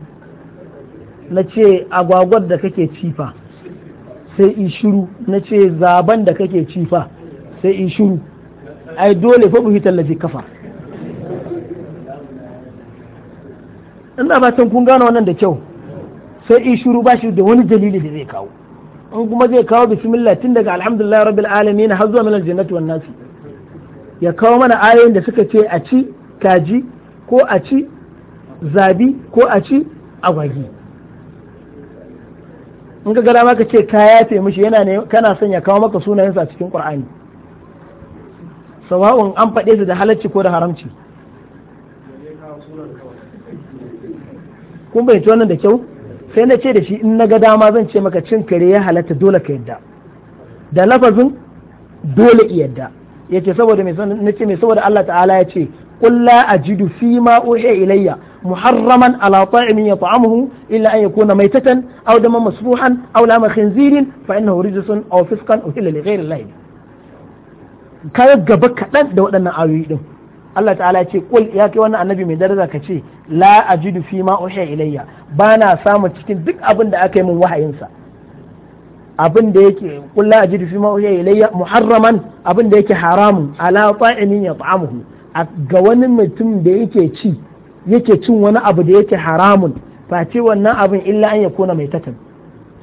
na ce agwagwar da kake cifa sai in shuru na ce zaben da kake cifa sai in shuru ai dole fa buhi tallafi kafa ina fatan kun gane wannan da kyau sai in shuru ba shi da wani dalili da zai kawo in kuma zai kawo bismillah tun daga alhamdulillah rabbil alamin har zuwa minal jannati wan nasi ya kawo mana ayoyin da suka ce a ci kaji ko a ci zabi ko a ci agwagi in ka gara maka ce kaya ce mishi yana ne kana son ya kawo maka sunayen sa cikin qur'ani sawa'un an faɗe su da halacci ko da haramci kun bai wannan da kyau sai na ce da shi in na ga dama zan ce maka cin kare ya halatta dole ka yadda da lafazin dole yadda ya ce saboda mai na ce mai saboda Allah ta'ala ya ce kulla ajidu fi ma uhiya ilayya muharraman ala ta'imin yat'amuhu illa an yakuna maytatan aw daman masfuhan aw lama khinzirin fa innahu rijsun aw fiskan uhilla li ghayri Allah kai gaba kaɗan da waɗannan ayoyi din Allah ta'ala ce kul ya kai wannan annabi mai daraja ka ce la ajidu fi ma uhiya ilayya bana samun cikin duk abin da aka yi min wahayin sa abin da yake kul la ajidu fi ma uhiya ilayya muharraman abin da yake haramun ala ta'imin ta'amuhu ga wani mutum da yake ci yake cin wani abu da yake haramun ce wannan abin illa an ya kona mai tatan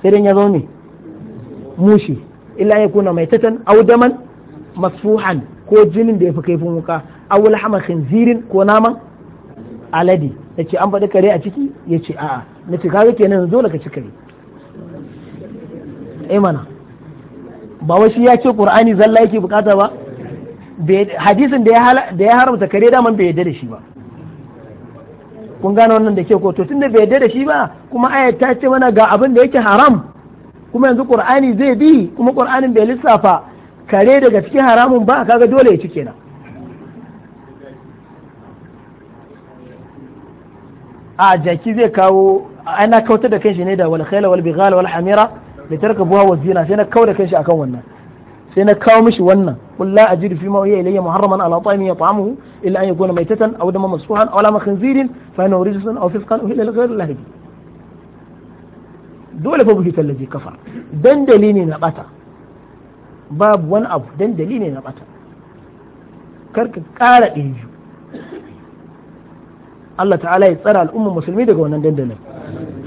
sai dan ya zo ne mushi illa ya kona mai tatan audaman masfuhan ko jinin da ya fi kaifin wuka awul hama khinzirin ko naman alade da an faɗi kare a ciki yace a'a na kaga kenan dole ka ci kare eh mana ba wai shi ya ce qur'ani zalla yake bukata ba hadisin da ya haramta kare daman bai yadda da shi ba kun gane wannan da ke ko to tunda bai yadda da shi ba kuma ayat ta ce mana ga abin da yake haram kuma yanzu qur'ani zai bi kuma qur'anin bai lissafa kare daga cikin haramun ba kaga dole ya ci kenan a jaki zai kawo ana kautar da kanshi ne da wal khayla wal bighala wal hamira wa zina sai na kawo da kanshi akan wannan sai na kawo mishi wannan qul la ajidu fima hiya ilayya muharraman ala ta'imi yat'amuhu illa an yakuna maytatan aw masfuhan aw khinzirin fa aw fisqan uhilla li ghayri allah dole fa buhi kallaji kafa dan dalili na bata babu wani abu dan dalili na bata karka kara ɗin Allah ta'ala ya tsara al'ummar musulmi daga wannan dandalin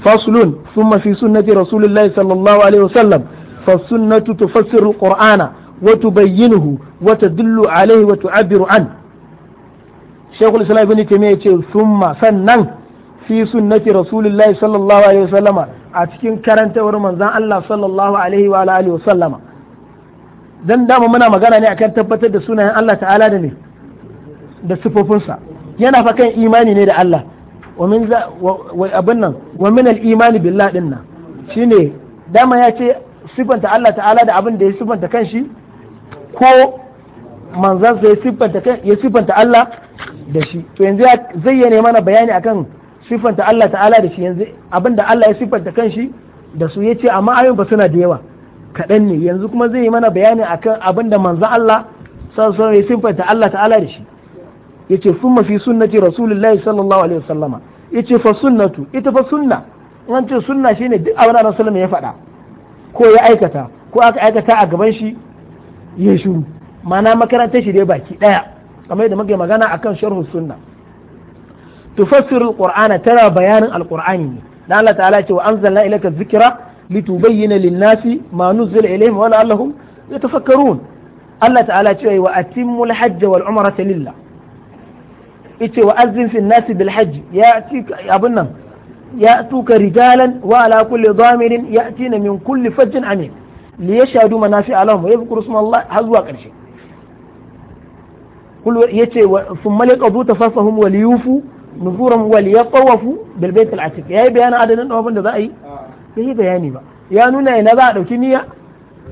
faslun thumma fi sunnati rasulillahi sallallahu alaihi wasallam fasunnatu tufassiru qur'ana wa tubayyinuhu wa tadullu alaihi wa tu'abbiru an shaykhul islam ibn taymiyyah yace thumma sannan fi sunnati rasulillahi sallallahu alaihi wasallama a cikin karantawar manzon Allah sallallahu alaihi wa alihi wasallama dan dama muna magana ne akan tabbatar da sunayen Allah ta'ala da ne da sifofinsa yana fa kan imani ne da Allah wa abin nan wa min al imani billah din nan shine dama ya ce sifanta Allah ta'ala da abin da ya sifanta shi ko manzansa ya sifanta Allah da shi to yanzu ya zayyane mana bayani akan sifanta Allah ta'ala da shi yanzu abin da Allah ya sifanta shi da su ya ce amma ayoyin ba suna da yawa kaɗan ne yanzu kuma zai yi mana bayani akan abin da manzan Allah sallallahu alaihi ya sifanta Allah ta'ala da shi yace sun mafi sunnati rasulullahi sallallahu alaihi wasallama yace fa sunnatu ita fa sunna an ce sunna shine duk abin da Rasulullahi ya faɗa ko ya aikata ko aka aikata a gaban shi ya shiru ma'ana makarantar shi dai baki daya kamar yadda muke magana akan sharhu sunna tufassiru alqur'ana tana bayanin alqur'ani ne dan Allah ta'ala ce wa anzalna ilayka dhikra litubayyana lin-nasi ma nuzila ilayhim wa la'allahum yatafakkarun Allah ta'ala ce wa atimmul al-hajja wal umrata lillah yace wa azzin fil nasi bil hajj ya ci abun nan ya tuka rijalan wa ala kulli dhamirin yatina min kulli fajjin amin li yashhadu manafi'a lahum wa yadhkuru isma Allah har zuwa karshe kul yace thumma liqadu tafasahum wa liyufu nuzurum wa liyatawafu bil bayt al atiq yayi bayanin adadin dawafin da za a yi bai bayani ba ya nuna ina za a dauki niyya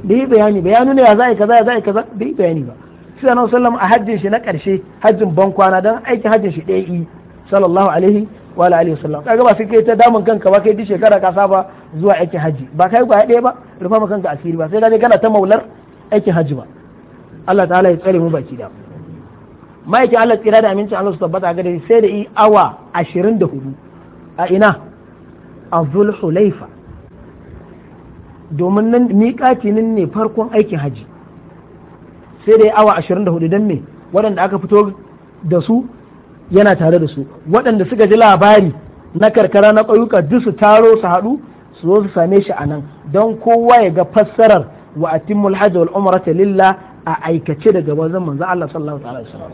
bai bayani ba ya nuna ya za a yi kaza ya za a yi kaza bai bayani ba sallallahu alaihi sallam a hajjin shi na ƙarshe hajjin ban kwana don aikin hajjin shi ɗaya yi sallallahu alaihi wa alihi wasallam kaga ba sai kai ta damun kanka ba kai duk shekara ka saba zuwa aikin hajji ba kai ba ɗaya ba rufa maka kanka asiri ba sai ka je kana ta maular aikin hajji ba Allah ta'ala ya tsare mu baki da ma'aikin Allah tsira da amincin Allah su tabbata ga dai sai da yi awa 24 a ina a Zulhulaifa domin nan miƙa ne farkon aikin hajji sai da ya awa 24 don me waɗanda aka fito da su yana tare da su waɗanda suka ji labari na karkara na ƙauyuka duk su taro su haɗu su zo su same shi a nan don kowa ya ga fassarar wa timmul hajji wal ta lilla a aikace daga wajen manzo Allah sallallahu alaihi wasallam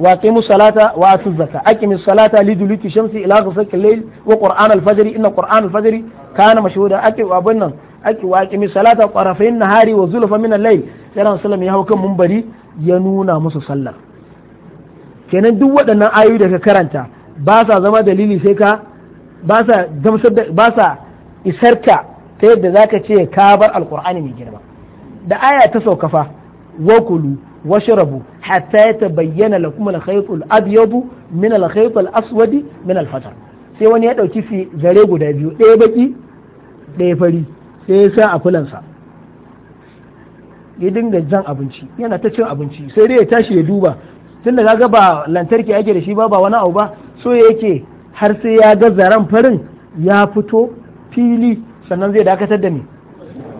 wa aqimu salata wa atu zakata aqimu salata liduluki shamsi ila ghasaqi al-layl wa qur'an al-fajr inna qur'an al-fajr kana mashhuda aqim abun nan aki wa mi salata qarafin nahari wa zulfa min al-layl sai ran sallam ya hau munbari ya nuna musu sallar kenan duk waɗannan ayoyi da ka karanta ba sa zama dalili sai ka ba sa gamsar ba sa isarka ta yadda zaka ce ka bar alqur'ani mai girma da aya ta saukafa wa kulu washrabu hatta yatabayyana lakum al khaytul abyadu min al khaytil aswadi min al-fajr sai wani ya dauki fi zare guda biyu ɗaya baki ɗaya fari sai ya sa a fulansa ya dinga jan abinci yana ta cin abinci sai dai ya tashi ya duba tun tunda ga ba lantarki ake da shi ba ba wani abu ba so yake har sai ya ga zaren farin ya fito fili sannan zai dakatar da ni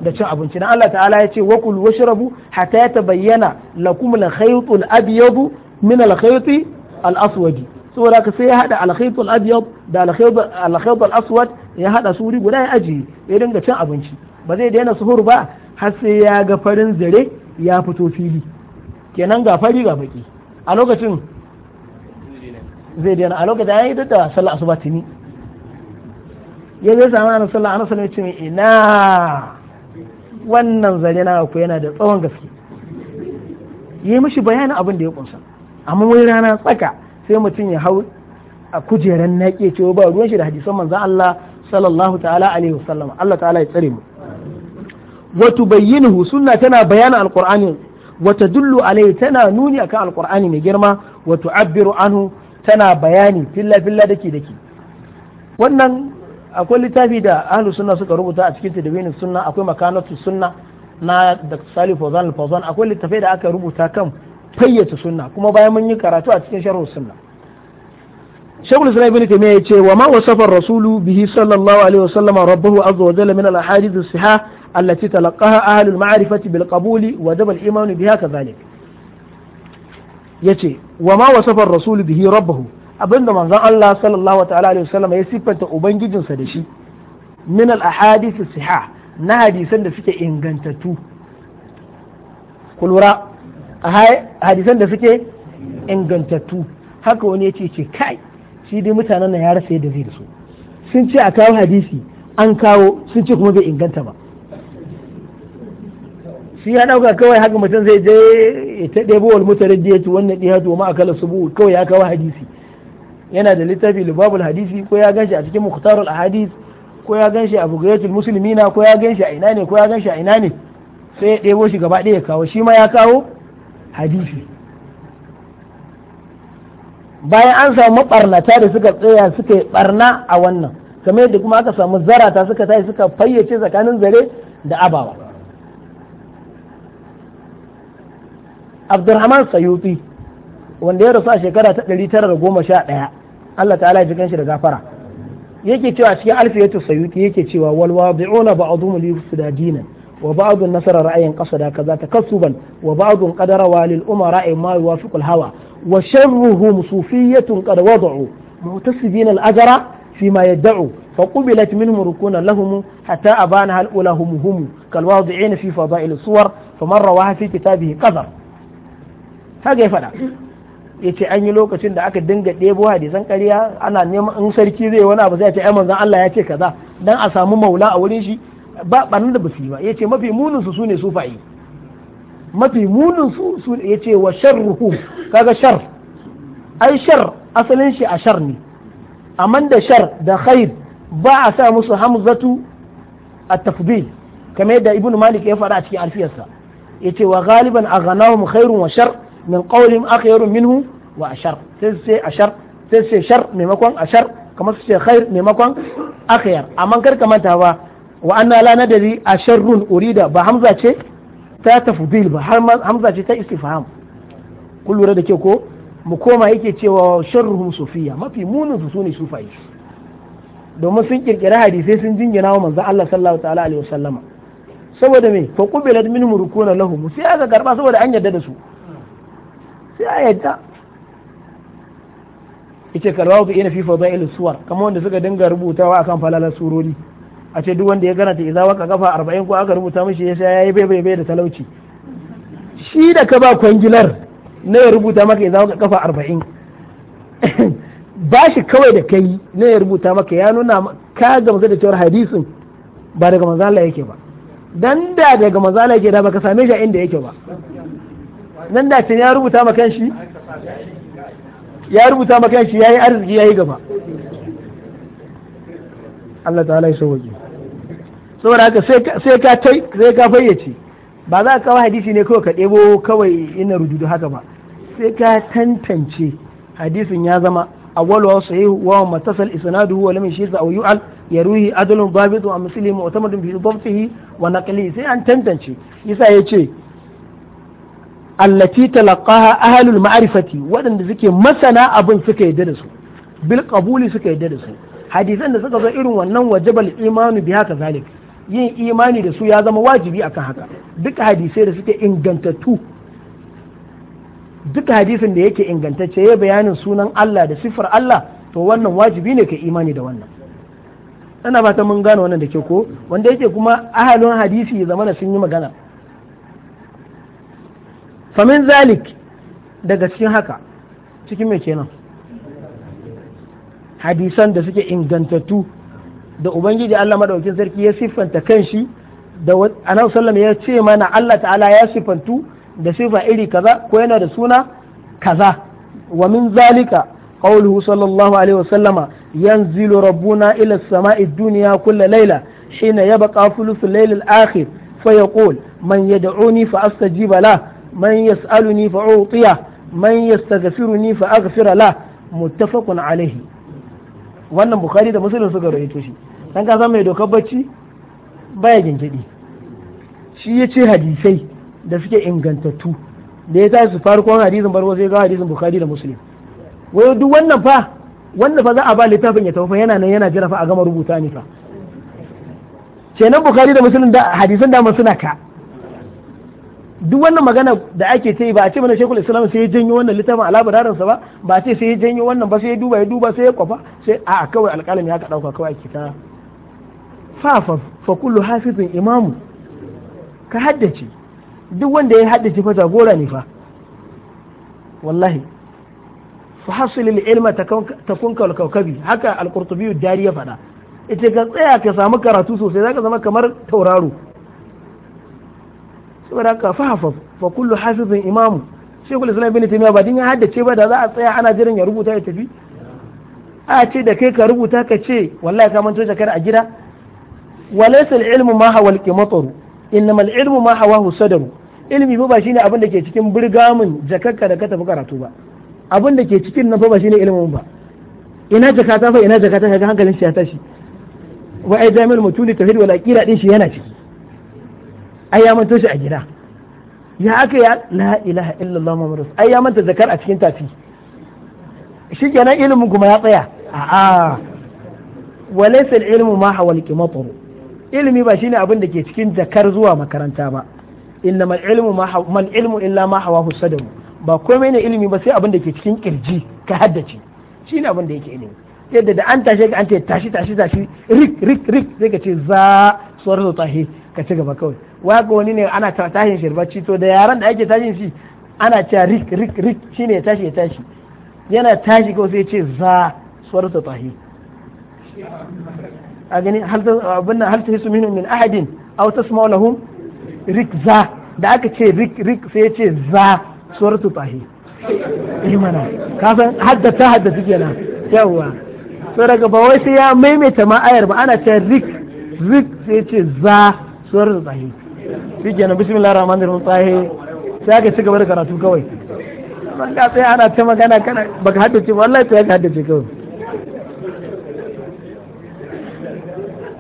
da cin abinci dan Allah ta'ala ya ce wa kul washrabu hatta yatabayyana lakum al-khaytul abyadu min al-khayti al-aswadi saboda ka sai ya hada alkhayt al-abyad da alkhayt aswad ya hada su wuri guda ya ajiye ya dinga cin abinci ba zai daina suhur ba har sai ya ga farin zare ya fito fili kenan ga fari ga baki a lokacin zai daina a lokacin ya yi da sallah asuba tuni ya zai samu ana sallah ana sallah cin ina wannan zare na ku yana da tsawon gaske yi mishi bayanin abin da ya kunsa amma wai rana tsaka sai mutum ya hau a kujeran naƙe cewa ba ruwan shi da hadisan manzan Allah sallallahu ta'ala alaihi wasallam Allah ta'ala ya tsare mu wa tubayyinuhu sunna tana bayana alqur'ani wa tadullu alaihi tana nuni akan alqur'ani mai girma wa tu'abbiru anhu tana bayani filla filla dake dake wannan akwai littafi da ahlus sunna suka rubuta a cikin tadwinin sunna akwai makanatu sunna na da Salih Fawzan Fawzan akwai littafai da aka rubuta kan fayyace sunna kuma bayan mun yi karatu a cikin sharhu sunna shaykhul islam ibn taymiya yace wa ma wasafa rasulu bihi sallallahu alaihi wasallam rabbahu azza wa jalla min al ahadith as sihah allati talaqaha ahli al ma'rifati bil qabuli wa dabal iman biha kadhalik yace wa ma wasafa rasulu bihi rabbahu abinda manzon Allah sallallahu ta'ala alaihi wasallam ya siffanta ubangijinsa da shi min al ahadith as sihah na hadisan da suke ingantattu kulura hadisan da suke ingantattu haka wani ya ce ce kai shi dai mutanen na ya rasa yadda zai da su sun ce a kawo hadisi an kawo sun ce kuma bai inganta ba shi ya dauka kawai haka mutum zai je ya ta ɗebo wal ci wannan a kala su subu kawai ya kawo hadisi yana da littafi libabul hadisi ko ya ganshi a cikin mukhtarul ahadis ko ya ganshi a bugayatul muslimina ko ya ganshi a ina ne ko ya ganshi a ina ne sai ya ɗebo shi gaba ɗaya ya kawo shi ma ya kawo hadisi bayan an samu barnata da suka tsaya suka yi barna a wannan kamar yadda kuma aka samu zarata suka tashi suka fayyace tsakanin zare da abawa abdurrahman sayuti wanda ya rasu a shekara ta 911 Allah ta'ala ya jikan shi da gafara yake cewa cikin alfiyatu sayuti yake cewa walwa bi'una ba'dhum li yufsida dinan wa ba'dun nasara ra'ayin da kaza ta takassuban wa ba'dun qadara wa lil umara ma yuwafiqu al hawa wa sharruhum sufiyyatun qad wada'u mutasibina al ajra فيما يدعو فقبلت منهم ركونا لهم حتى أبانها الأولى هم هم كالواضعين في فضائل الصور فمن رواها في كتابه قذر هذا فدا yace an yi lokacin da aka dinga ɗebo hadisan ƙarya ana neman in sarki zai wani abu zai ce ai manzon Allah ya ce kaza dan a samu maula a wurin shi ba ɓarin da basu yi ba ce mafi munin su ne sufayi mafi munin su su ce wa sharruhum kaga shar ai shar asalin shi a shar ne amma da shar da khair ba a sa musu hamzatu a tafdil kamar yadda ibnu malik ya faɗa a cikin alfiyarsa Ya ce wa galiban a aghnahum khairun wa shar min qawlin akhyarun minhu wa ashar sai sai ashar sai sai shar maimakon ashar kamar su ce khair maimakon akhyar amma kar ka manta ba wa anna la nadari a sharrun urida ba hamza ce ta tafdil ba har hamza ce ta istifham kun lura da ke ko mu koma yake cewa sharruhum sufiya mafi munin su ne sufai domin sun kirkiri hadisai sun jingina wa manzo Allah sallallahu ta'ala alaihi wasallama saboda me fa qubilat minhum rukuna lahum sai aka karba saboda an yarda da su sai a yarda yace karwa bi ina fi fadail suwar kamar wanda suka dinga rubutawa akan falalar surori a ce duk wanda ya karanta idza waka kafa arba'in ko aka rubuta mishi ya yayi bai bai bai da talauci shi da ka ba kwangilar na ya rubuta maka idza waka kafa arba'in ba shi kawai da kai na ya rubuta maka ya nuna ka gamsu da cewar hadisin ba daga manzo Allah yake ba dan da daga manzo Allah yake da baka same shi a inda yake ba nan da ce ya rubuta maka shi ya rubuta maka shi yayi arziki yayi gaba Allah ta'ala ya sauke saboda haka sai ka tai sai ka fayyace ba za ka kawo hadisi ne kawai ka ɗebo kawai ina rududu haka ba sai ka tantance hadisin ya zama awwalu wa sahih wa matasal isnaduhu wa lam yashid aw yu'al yaruhi adlun babitu wa muslimu wa bi dhabtihi wa naqli sai an tantance yasa yace allati talaqaha ahlul ma'rifati waɗanda suke masana abin suka yadda da su bil qabuli suka yadda da su hadisan da suka zo irin wannan wajibal imanu bi haka yin imani da su ya zama wajibi akan haka duka hadisai da suke ingantattu duka hadisin da yake ingantacce ya bayanin sunan Allah da siffar Allah to wannan wajibi ne ka imani da wannan ana ta mun gane wannan da ke ko wanda yake kuma ahalin hadisi ya zamana sun yi magana famin zalik daga cikin haka cikin mai kenan hadisan da suke ingantattu da ubangiji Allah madaukin sarki ya siffanta kanshi da annabi sallam ya ce mana Allah ta'ala ya siffantu da sifa iri kaza ko yana da suna kaza wa min zalika qawluhu sallallahu alaihi wasallama yanzilu rabbuna ila as-sama'i dunya kulla layla hina yabqa thuluth al-layl akhir فيقول من يدعوني فأستجيب له من يسألني فأعطيه من يستغفرني فأغفر له متفق عليه wannan bukari da musulun suka rawaito shi dan ka mai dokar bacci baya gingidi shi ya ce hadisai da suke ingantattu da ya tashi farkon hadisin barko sai ga hadisin bukari da musulun wai duk wannan fa wanda fa za a ba littafin ya tafi yana nan yana jira fa a gama rubuta ni fa kenan bukari da musulun da hadisan da suna ka duk wannan magana da ake ce ba a ce mana shekul islam sai ya janyo wannan littafin alabararin sa ba ba ce sai ya janyo wannan ba sai ya duba ya duba sai ya kwafa sai a kawai alƙalami haka dauka kawai ake ta fafa fa kullu hafizin imamu ka haddace duk wanda ya haddace fa jagora ne fa wallahi fa hasil ilma takun kal kawkabi haka al-qurtubi dari ya faɗa ita ka tsaya ka samu karatu sosai zaka zama kamar tauraro saboda ka fahafaf fa kullu hafizin imamu kullu islam bin taymiya ba din ya haddace ba da za a tsaya ana jiran ya rubuta ya tafi a ce da kai ka rubuta ka ce wallahi ka manto jakar a gida walaysa ilmu ma hawa al-qimataru innama al-ilmu ma hawa sadr ilmi ba shine abin da ke cikin burgamin jakarka da ka tafi karatu ba abin da ke cikin nan ba shine ilmin ba ina jakata fa ina jakata ga hankalin shi ya tashi wa ai jami'ul mutuli tauhid wal aqida din shi yana ciki ai ya manto shi a gida ya aka ya la ilaha illallah muhammadu ai ya manta zakar a cikin tafi shi kenan ilimin kuma ya tsaya a'a walaysa ilmu ma hawal qimatru ilmi ba shine abin da ke cikin zakar zuwa makaranta ba innamal ilmu ma man ilmu illa ma hawahu sadamu ba komai ne ilimi ba sai abin da ke cikin kirji ka haddace shine abin da yake ilimi yadda da an tashe ka an ce tashi tashi tashi rik rik rik sai ka ce za suwar tahi ka ci gaba kawai waka wani ne ana tashin shi bacci to da yaran da ake tashin shi ana cewa rik rik rik shine tashi tashi yana tashi kawai sai ce za suwar tahi a gani abin nan halta su minu min ahadin aw tasma'u lahum rik za da aka ce rik rik sai ce za suwar tahi imana kasan haddata haddata kenan yawwa sai daga ba wai sai ya maimaita ma ayar ba ana cewa rik zik sai ce za suwar da tsahi shi ke na bismillah rahman da tsahi sai aka ci gaba da karatu kawai Allah sai ana ta magana kana baka haddace ba wallahi sai ka haddace kawai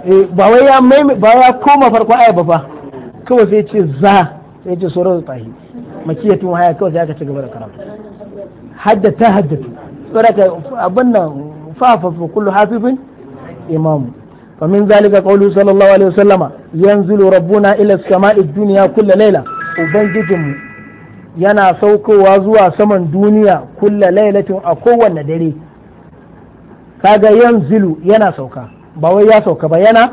eh, ba wai ya mai ba ya koma farko aya ba fa kawai sai ce za sai ce suwar da tsahi makiyatun haya kawai sai aka ci gaba da karatu haddata haddata tsoraka abin nan fa kullu hafifin imamu فمن ذلك قوله صلى الله عليه وسلم ينزل ربنا إلى السماء الدنيا كل ليلة وبنجتم ينا saukowa zuwa saman duniya كل ليلة a kowanne dare ينزل ينا سوك sauka ba wai ya sauka ba yana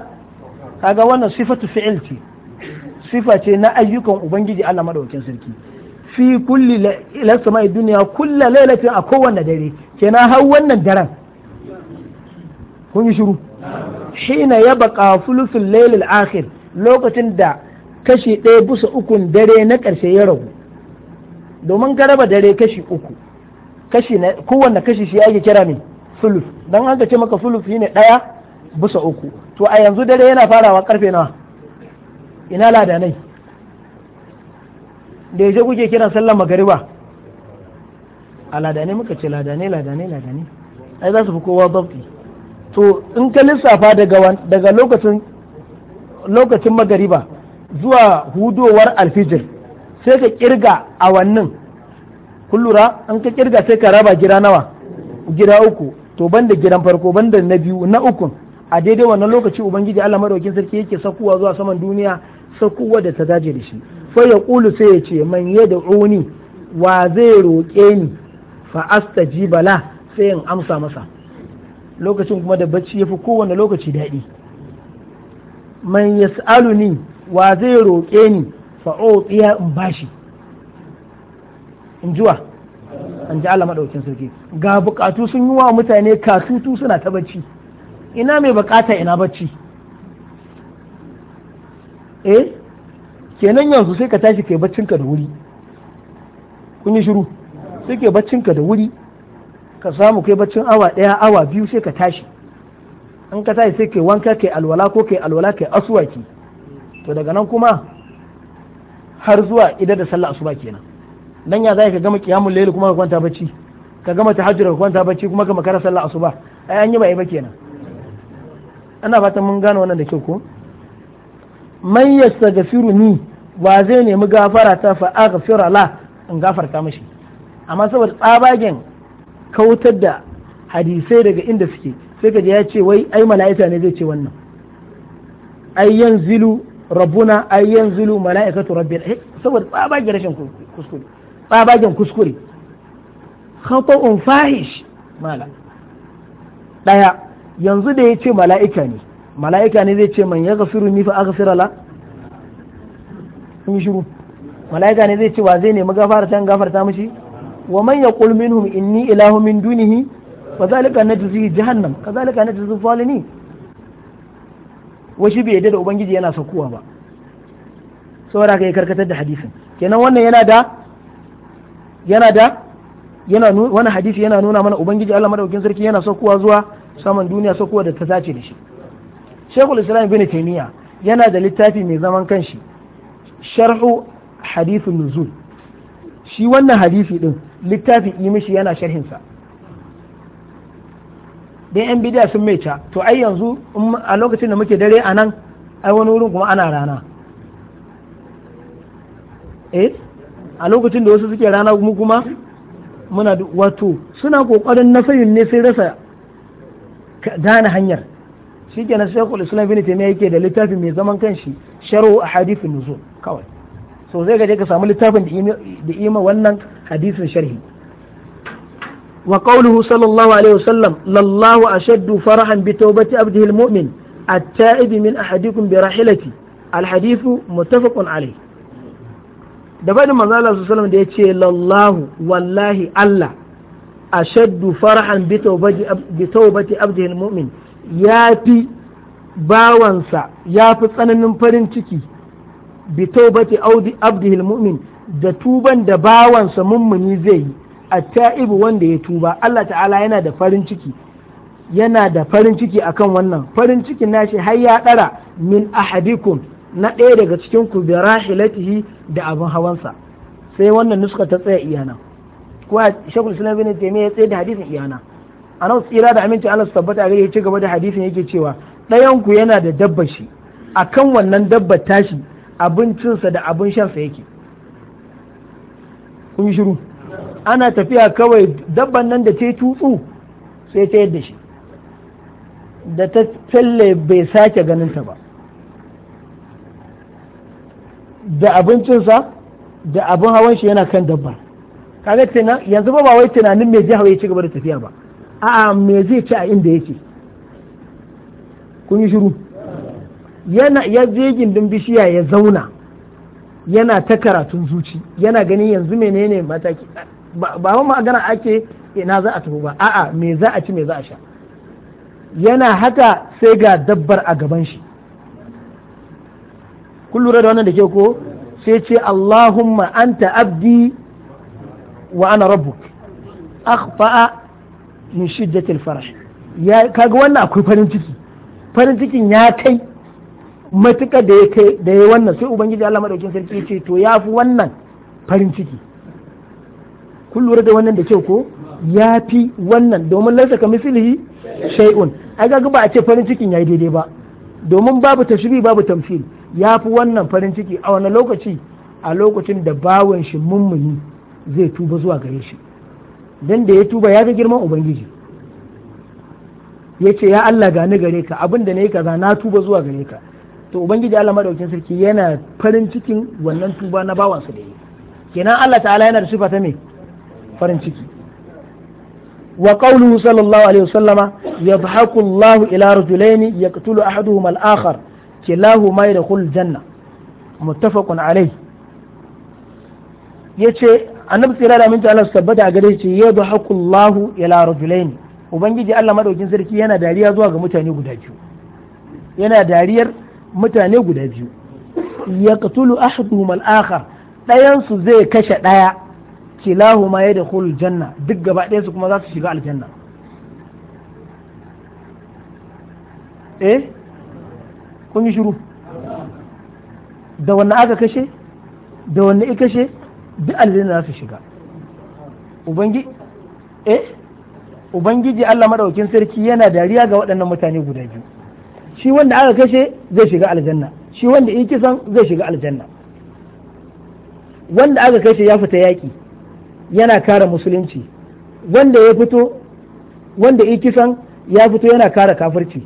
kaga wannan sifatu fi'il ce sifa ce na ayyukan ubangiji Allah madaukakin sarki fi kulli ila sama'i duniya kulla lailatin a kowanne dare kenan har wannan daren kun yi shiru shine ya baka fulufin lailil akhir lokacin da kashi ɗaya busa ukun dare na ƙarshe ya ragu domin ka raba dare kashi uku kashi na kowanne kashi shi ake kira ne fuluf dan an ce maka fuluf shine ɗaya busa uku to a yanzu dare yana farawa karfe nawa ina ladanai da yaje kuke kiran sallar magariba a ladanai muka ce ladanai ladanai ladanai ai za su fi kowa babbi to in ka lissafa daga lokacin lokacin magariba zuwa hudowar alfijir sai ka kirga awannin kullura an ka kirga sai ka raba gida nawa gida uku to banda gidan farko banda na biyu na ukun a daidai wannan lokaci ubangiji Allah madaukakin sarki yake sakuwa zuwa saman duniya sakuwa da ta dace da shi fa ya kulu sai ya ce man yad'uni wa zai roke ni fa astajibala sai in amsa masa lokacin kuma da bacci ya fi kowane lokaci daɗi man ya ni wa zai roƙe ni fa'o tsiya in bashi in jiwa an ji Allah maɗaukin sarki ga buƙatu sun yi wa mutane kasutu suna ta bacci ina mai buƙata ina bacci eh kenan yanzu sai ka tashi kai baccinka da wuri kun yi shiru sai kai baccinka da wuri ka samu kai baccin awa ɗaya awa biyu sai ka tashi in ka tashi sai kai wanka kai alwala ko kai alwala kai asuwaki to daga nan kuma har zuwa idan da sallah asuba kenan dan ya zai ka gama qiyamul layl kuma ka kwanta bacci ka gama tahajjud ka kwanta bacci kuma ka makara sallah asuba ai an yi bai ba kenan ana fatan mun gane wannan da kyau ko man yastaghfiruni wa zai nemi gafara ta fa aghfira la in gafarta mishi amma saboda tsabagen kautar da hadisai daga inda suke sai kaje ya ce wai ai mala'ika ne zai ce wannan ai zilu rabbuna ai yanzilu mala'ikatu rabbil eh, saboda tsabagen rashin kuskure tsabagen kuskure khata'un fahish mala daya yanzu da ya ce mala'ika ne mala'ika ne zai ce man ya gafiru ni fa aghfira la kun shiru mala'ika ne zai ce wa zai nemi magafara an gafarta mishi wa man yaqul minhum inni ilahu min dunihi fa zalika najzi jahannam kazalika najzi zalimin washi bai yadda da ubangiji yana sakuwa ba saboda ka yi karkatar da hadisin kenan wannan yana da yana da yana wani hadisi yana nuna mana ubangiji Allah madaukakin sarki yana saukowa zuwa saman duniya saukowa da ta zace da shi Sheikhul Islam Ibn Taymiyyah yana da littafi mai zaman kanshi Sharhu Hadithun Nuzul shi wannan hadisi din littafi yi mishi yana sharhinsa dan yan bidiya sun mai ca to ai yanzu a lokacin da muke dare a nan ai wani wurin kuma ana rana eh a lokacin da wasu suke rana mu kuma muna wato suna kokarin nasayin ne sai rasa gane hanyar shi kenan shekul sunan bin taimiyya yake da littafi mai zaman kanshi sharu a hadithin nuzul kawai so zai gaje ka samu littafin da ima wannan hadisin sharhi wa qawluhu sallallahu alaihi wasallam lallahu ashaddu farahan bi tawbati abdihi almu'min at-ta'ib min ahadikum bi rahilati al-hadith muttafaqun alayh da bani manzo Allah sallallahu da yace lallahu wallahi Allah ashaddu farahan bi tawbati bi tawbati abdihi almu'min yafi bawansa yafi tsananin farin ciki bi taubati Abdul mu'min da tuban da bawansa mummuni zai yi A ta'ibu wanda ya tuba Allah ta'ala yana da farin ciki yana da farin ciki akan wannan farin cikin nashi har ya dara min ahadikum na ɗaya daga cikin ku bi rahilatihi da abin hawansa sai wannan nuska ta tsaya iyana ko shakul islam bin taymiya ya tsaye da hadisin iyana ana tsira da aminci Allah su tabbata gare ya ci gaba da hadisin yake cewa ɗayan ku yana da dabba shi akan wannan dabba tashi abincinsa da abin shansa yake kun yi shiru ana tafiya kawai dabban nan da ta yi tutsu sai ta yadda shi da ta talle bai sake ganinta ba da abincinsa da abin hawan shi yana kan dabba kaga tana yanzu ba wai tunanin mai zai hawa ya ci gaba da tafiya ba a'a me zai ci a inda yake kun yi shiru yana ya je gindin bishiya ya zauna yana ta karatun zuci yana ganin yanzu menene mataki ba ba magana ake ina za a tafi ba a'a me za a ci me za a sha yana haka sai ga dabbar a gaban shi kun lura da wannan da ke ko sai ce Allahumma anta abdi wa ana rabbuk akhfa'a min shiddatil farah ya kaga wannan akwai farin ciki farin cikin ya kai matuƙa da ya kai da ya wannan sai ubangiji Allah madaukin sarki ce to ya fi wannan farin ciki kun da wannan da kyau ko ya fi wannan domin lansa ka mislihi shay'un ai ga ba a ce farin cikin yayi daidai ba domin babu tashbi babu tamfil ya fi wannan farin ciki a wani lokaci a lokacin da bawan shi mummuni zai tuba zuwa gare shi dan da ya tuba ya ga girman ubangiji ya ce ya Allah gani gare ka abin da na yi kaza na tuba zuwa gare ka to ubangiji Allah madaukin sarki yana farin cikin wannan tuba na bawansa da yi kenan Allah ta'ala yana da sifa ta me farin ciki wa qawluhu sallallahu alaihi wasallama yadhaku Allahu ila rajulaini yaqtulu ahaduhuma al-akhar kilahuma yadkhul janna muttafaqun alayhi yace annabi tsira da aminta Allah tabbata a gare shi yadhaku Allahu ila rajulaini ubangiji Allah madaukin sarki yana dariya zuwa ga mutane guda biyu yana dariyar mutane guda biyu ya katulu ahaduhum al-akhar ɗayan zai kashe ɗaya ma ya da janna duk gaba ɗaya su kuma za su shiga aljanna eh kun yi shiru da wanne aka kashe da wanne i kashe duk aljanna za su shiga ubangi eh ubangiji Allah madaukin sarki yana dariya ga waɗannan mutane guda biyu shi wanda aka kashe zai shiga aljanna shi wanda yi kisan zai shiga aljanna wanda aka kashe ya fita yaƙi yana kare musulunci wanda ya fito wanda yi kisan ya fito yana kare kafirci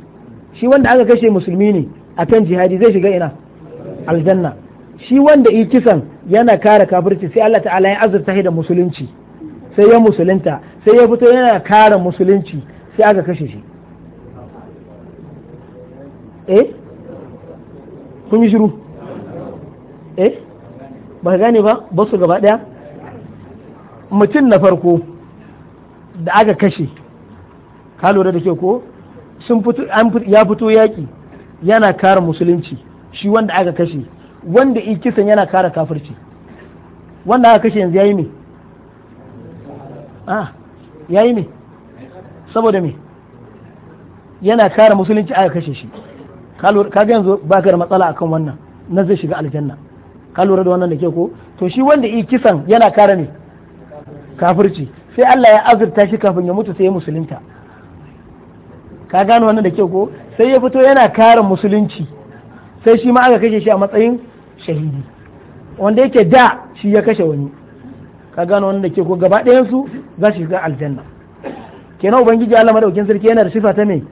shi wanda aka kashe musulmi ne akan jihadi zai shiga ina aljanna shi wanda yi kisan yana kare kafirci sai Allah ta'ala ya azurta da musulunci sai ya musulunta sai ya fito yana kare musulunci sai aka kashe shi eh kun yi shiru eh ba ka gane ba ba su gaba daya mutum na farko da aka kashe ka lura da ke ko sun fito ya fito yaƙi yana kare musulunci shi wanda aka kashe wanda i kisan yana kare kafirci wanda aka kashe yanzu yayi me ah yayi me saboda me yana kare musulunci aka kashe shi ka ga yanzu ba ka da matsala akan wannan na zai shiga aljanna ka lura da wannan da ke ko to shi wanda yi kisan yana kare ne kafirci sai Allah ya azurta shi kafin ya mutu sai ya musulunta ka gano wannan da ke ko sai ya fito yana kare musulunci sai shi ma aka kashe shi a matsayin shahidi wanda yake da shi ya kashe wani ka gano wannan da ke ko gaba ɗayan su za su shiga aljanna kenan ubangiji Allah madaukin sarki yana da sifa ta me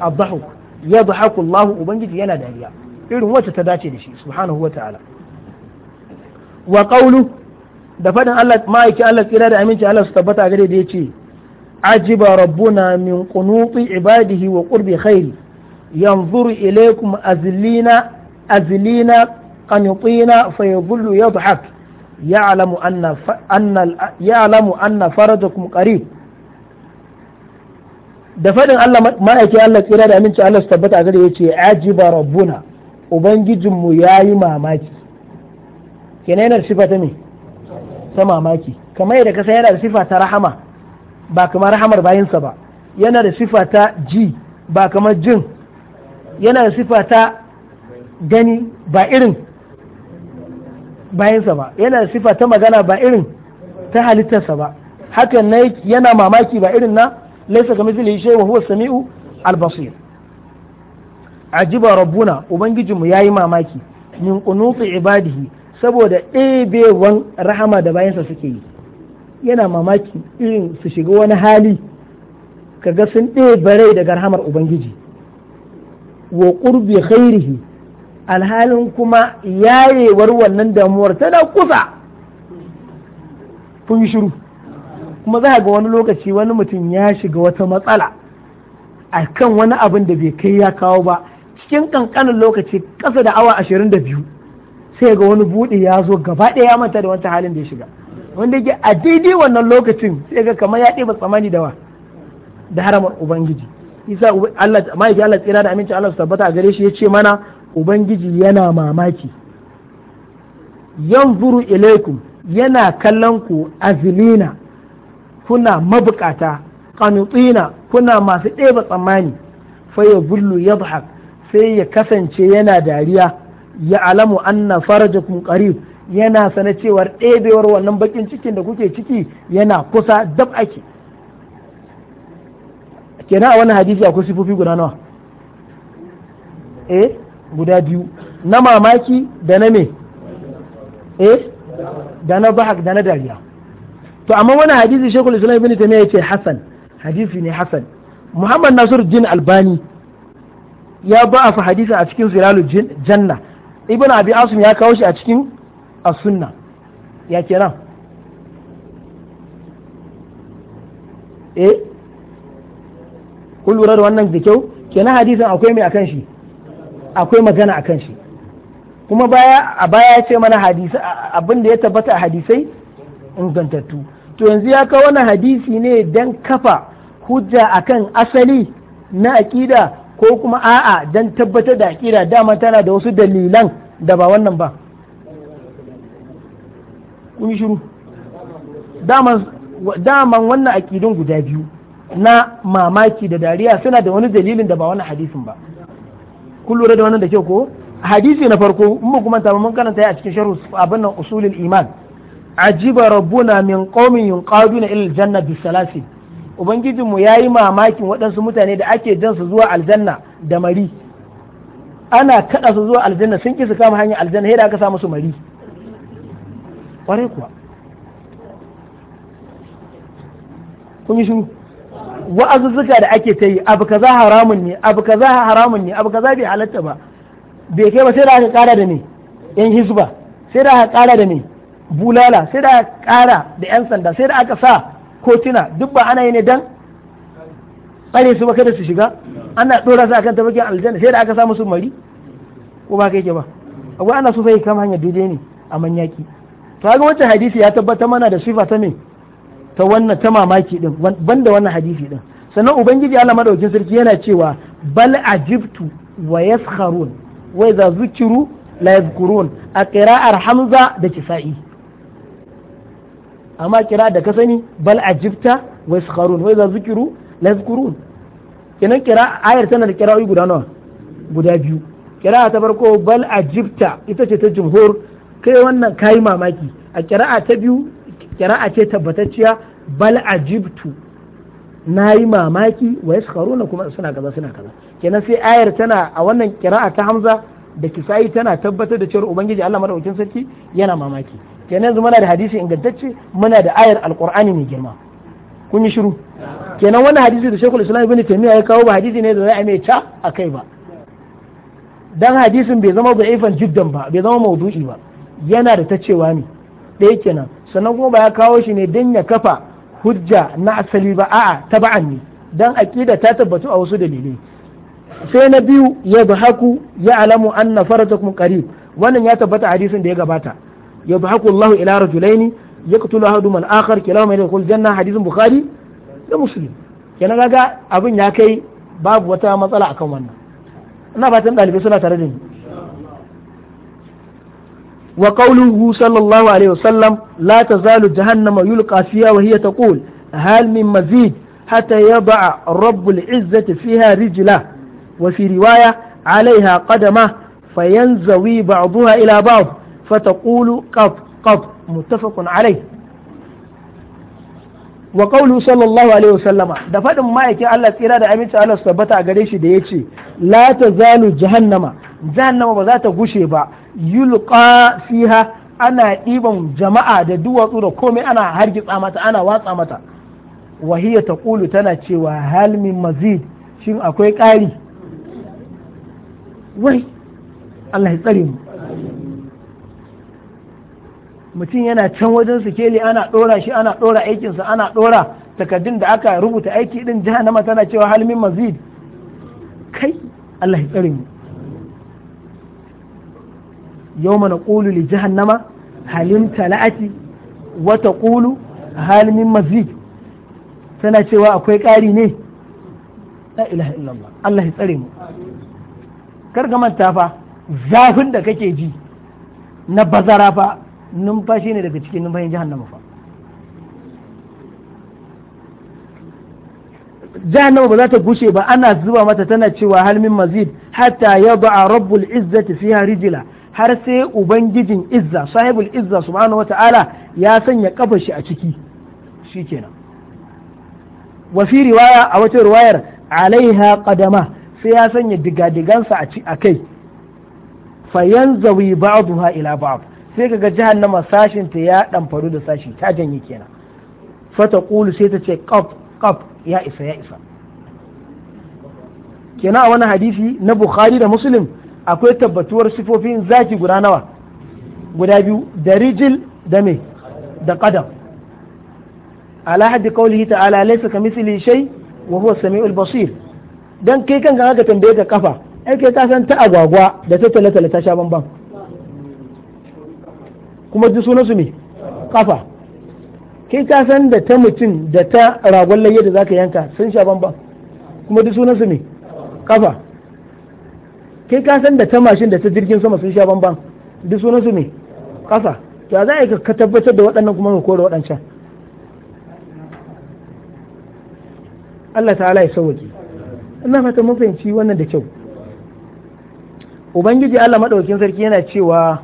abdahu yadhaku Allah ubangiji yana dariya irin wacce ta dace da shi subhanahu wa ta'ala wa qawlu da fadin Allah ma'aiki Allah tsira da aminci Allah su tabbata gare da yace ajiba rabbuna min qunuti ibadihi wa qurbi khairi yanzu ilaykum azlina azilina qanitina fayadhullu yadhak يعلم أن ف... أن يعلم أن da faɗin Allah ma'aikin Allah tsira da aminci Allah su tabbata gare ya ce ajiba rabbuna ubangijinmu ya yi mamaki kenan yana da sifa ta me ta mamaki kamar yadda kasa yana da sifa ta rahama ba kamar rahamar bayansa ba yana da sifa ta ji ba kamar jin yana da sifa ta gani ba irin bayansa ba yana da sifa ta magana ba irin ta halittarsa ba hakan na yana mamaki ba irin na laysa kamithlihi shay wa huwa samiu al-basir ajiba rabbuna ya yi mamaki min qunuti ibadihi saboda ɗebewan rahama da bayansa suke yi yana mamaki irin su shiga wani hali kaga sun ɗebe rai daga rahamar ubangiji Waƙurbe ƙurbi alhalin kuma yayewar wannan damuwar tana kusa kun shiru kuma za ga wani lokaci wani mutum ya shiga wata matsala a kan wani abin da bai kai ya kawo ba cikin kankanin lokaci kasa da awa ashirin da biyu sai ga wani buɗe ya zo gaba ɗaya ya manta da wata halin da ya shiga wanda yake a daidai wannan lokacin sai ga kamar ya ɗeba tsamani da wa da haramar ubangiji isa Allah mahaifi Allah tsira da aminci Allah su tabbata a gare shi ya ce mana ubangiji yana mamaki yanzuru ilaikum yana kallon ku azilina kuna mabukata qanutina kuna masu ɗeba tsammani bullu ya bullu yadhhak sai ya kasance yana dariya ya alamu anna farajakum qarib yana sana cewar ɗebewar wannan bakin cikin da kuke ciki yana kusa dab ake kenan a wannan hadisi akwai sifofi guda nawa eh guda biyu na mamaki da na me eh da na bahak da na dariya to amma wani hadisi shekul islam ibn tamiya yace hasan hadisi ne hasan muhammad nasir jin albani ya ba a hadisi a cikin zilalul janna ibn abi asim ya kawo shi a cikin as-sunna ya kenan eh kun lura da wannan da kyau kenan hadisin akwai mai akan shi akwai magana akan shi kuma baya a baya ya ce mana hadisi abin da ya tabbata a hadisai ingantattu to yanzu ya kawo wani hadisi ne don kafa hujja akan asali na aƙida ko kuma a'a don tabbatar da aƙida dama tana da wasu dalilan da ba wannan ba kun yi shiru daman wannan aƙidun guda biyu na mamaki da dariya suna da wani dalilin da ba wannan hadisin ba kun lura da wannan da kyau ko hadisi na farko mun kuma kuma mun karanta a cikin sharhu abin nan usulul iman ajiba rabbuna min qaumin yunqaduna ila aljanna bi salasin ubangijin mu yayi mamakin waɗansu mutane da ake jan su zuwa aljanna da mari ana kada su zuwa aljanna sun ki su kama hanyar aljanna sai da aka samu su mari kwarai kuwa kun yi shiru wa'azuzzuka da ake ta yi abu kaza haramun ne abu kaza haramun ne abu kaza bai halatta ba bai kai ba sai da aka kara da ne yan hisba sai da aka kara da ne bulala sai da kara da 'yan sanda sai da aka sa kotuna duk ba ana yi ne dan tsare su ba kada su shiga ana ɗora su akan tabakin aljanna sai da aka sa musu mari ko ba yake ba abu ana so sai kama hanyar daidai ne a manyaki to haka wancan hadisi ya tabbatar mana da sifa ta ne? ta wannan ta mamaki din banda wannan hadisi din sannan ubangiji Allah madaukin sarki yana cewa bal ajibtu wa yaskharun wa idza zukiru la yadhkurun a qira'ar hamza da kisa'i amma kira da ka sani bal ajibta wa iskharun wa idza zukiru la yazkurun kenan kira ayar tana da kira'o'i guda nawa guda biyu kira ta farko bal ajibta ita ce ta jumhur kai wannan kai mamaki a kira'a ta biyu kira'a ce tabbatacciya bal ajibtu na yi mamaki wa iskharun kuma suna kaza suna kaza kenan sai ayar tana a wannan kira'a ta hamza da kisayi tana tabbatar da cewa ubangiji Allah madaukakin sarki yana mamaki kenan yanzu muna da hadisi ingantacce muna da ayar alkurani mai girma kun yi shiru kenan wani hadisi da shekul islam ibn taymiya ya kawo ba hadisi ne da za a mai ca a kai ba dan hadisin bai zama da'ifan jiddan ba bai zama maudu'i ba yana da ta cewa ne ɗaya kenan sannan kuma ba ya kawo shi ne don ya kafa hujja na asali ba a'a ta ba'an ne dan aqida ta tabbatu a wasu dalilai sai na biyu ya haku ya alamu anna faratakum qarib wannan ya tabbata hadisin da ya gabata yadhaku Allah ila rajulaini yaqtulu ahaduhuma al-akhar kilahuma yadkhul janna hadithun bukhari da muslim kenan kaga abin ya kai babu wata matsala akan wannan ina fatan ɗalibai suna tare da ni wa qawluhu sallallahu alaihi wasallam la tazalu jahannama yulqa fiha wa hiya taqul hal ya ba hatta yad'a rabbul izzati fiha rijlah wa fi riwaya عليها قدمه فينزوي بعضها إلى بعض فتقول قف قف متفق عليه wa qawlu sallallahu alaihi wasallam da fadin ma'aikin Allah tsira da aminci Allah su tabbata a gare shi da ya ce tazalu jahannama jahannama ba za ta gushe ba yulqa fiha ana ɗiban jama'a da duwatsu da komai ana hargitsa mata ana watsa mata wa hiya taqulu tana cewa hal min mazid shin akwai ƙari wai Allah ya tsare mu mutum yana can wajen sikeli ana ɗora shi ana ɗora aikinsa ana ɗora takardun da aka rubuta aiki din jahannama tana cewa halimin mazid kai Allah ya tsare mu yau mana ƙulu li jahannama halim tala'ati wata ƙulu halimin mazid tana cewa akwai ƙari ne la ilaha illallah Allah ya tsare mu kar ka manta fa zafin da kake ji na bazara fa numfashi ne daga cikin numfashin jahannama fa jahannama ba za ta gushe ba ana zuba mata tana cewa halmin mazid hatta ya ba'a rabbul izzati fiha rijila har sai ubangijin izza sahibul izza subhanahu wata'ala ya sanya kafa shi a ciki shikenan wa fi riwaya a wata riwayar alaiha qadama sai ya sanya digadigansa a kai fayanzawi ba'daha ila ba'd sai kaga jahannama sashin ta ya ɗamfaru da sashi ta janye kenan fata Kulu sai ta ce ƙaf ƙaf ya isa ya isa kenan a wani hadisi na bukhari da muslim akwai tabbatuwar sifofin zaki guda nawa guda biyu da rijil da me da qadam ala haddi qawlihi ta'ala laysa ka shay wa huwa samiul basir dan kai kan ga ka tambaye ka kafa ai kai ta san ta agwagwa da ta tale tale ta sha bambam. kuma sunan su ne kafa kai ka san da ta mutum da ta ragon layi da zaka yanka sun sha bamban kuma sunan su ne kafa kai ka san da ta mashin da ta jirgin sama sun sha bamban duk su ne kafa to za a ka tabbatar da waɗannan kuma ka kore waɗancan Allah ta'ala ya sauki. ina fata mun fahimci wannan da kyau ubangiji Allah madaukakin sarki yana cewa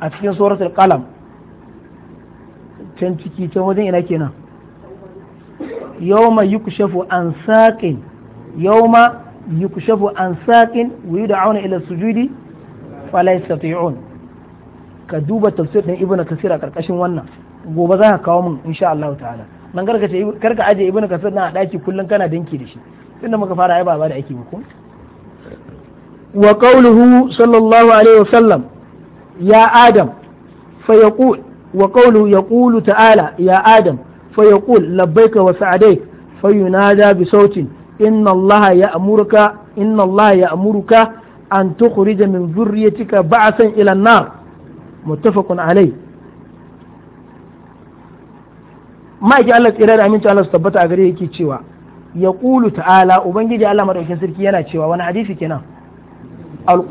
a cikin suratul qalam can ciki can wajen ina kenan yawma yukshafu an saqin yawma yukshafu an saqin wa yud'auna ila sujudi fala yastati'un ka duba tafsir din ibnu kasir a karkashin wannan gobe za ka kawo mun insha Allah ta'ala nan karka ce karka aje ibnu kasir na a daki kullum kana dinki da shi tunda muka fara ai baba da ake muku wa qawluhu sallallahu alaihi wasallam ya adam fa yaqul wa ya yaqulu ta'ala ya adam fa yaqul labbaika wa sa'adai fa yunada bi sautin inna allaha ya'muruka inna allaha ya'muruka an tukhrija min dhurriyyatika ba'san ila an-nar muttafaqun alayh ma'aiki Allah tsira da aminci Allah su tabbata a gare yake cewa ya ƙulu ta'ala ubangiji Allah madaukakin sarki yana cewa wani hadisi kenan al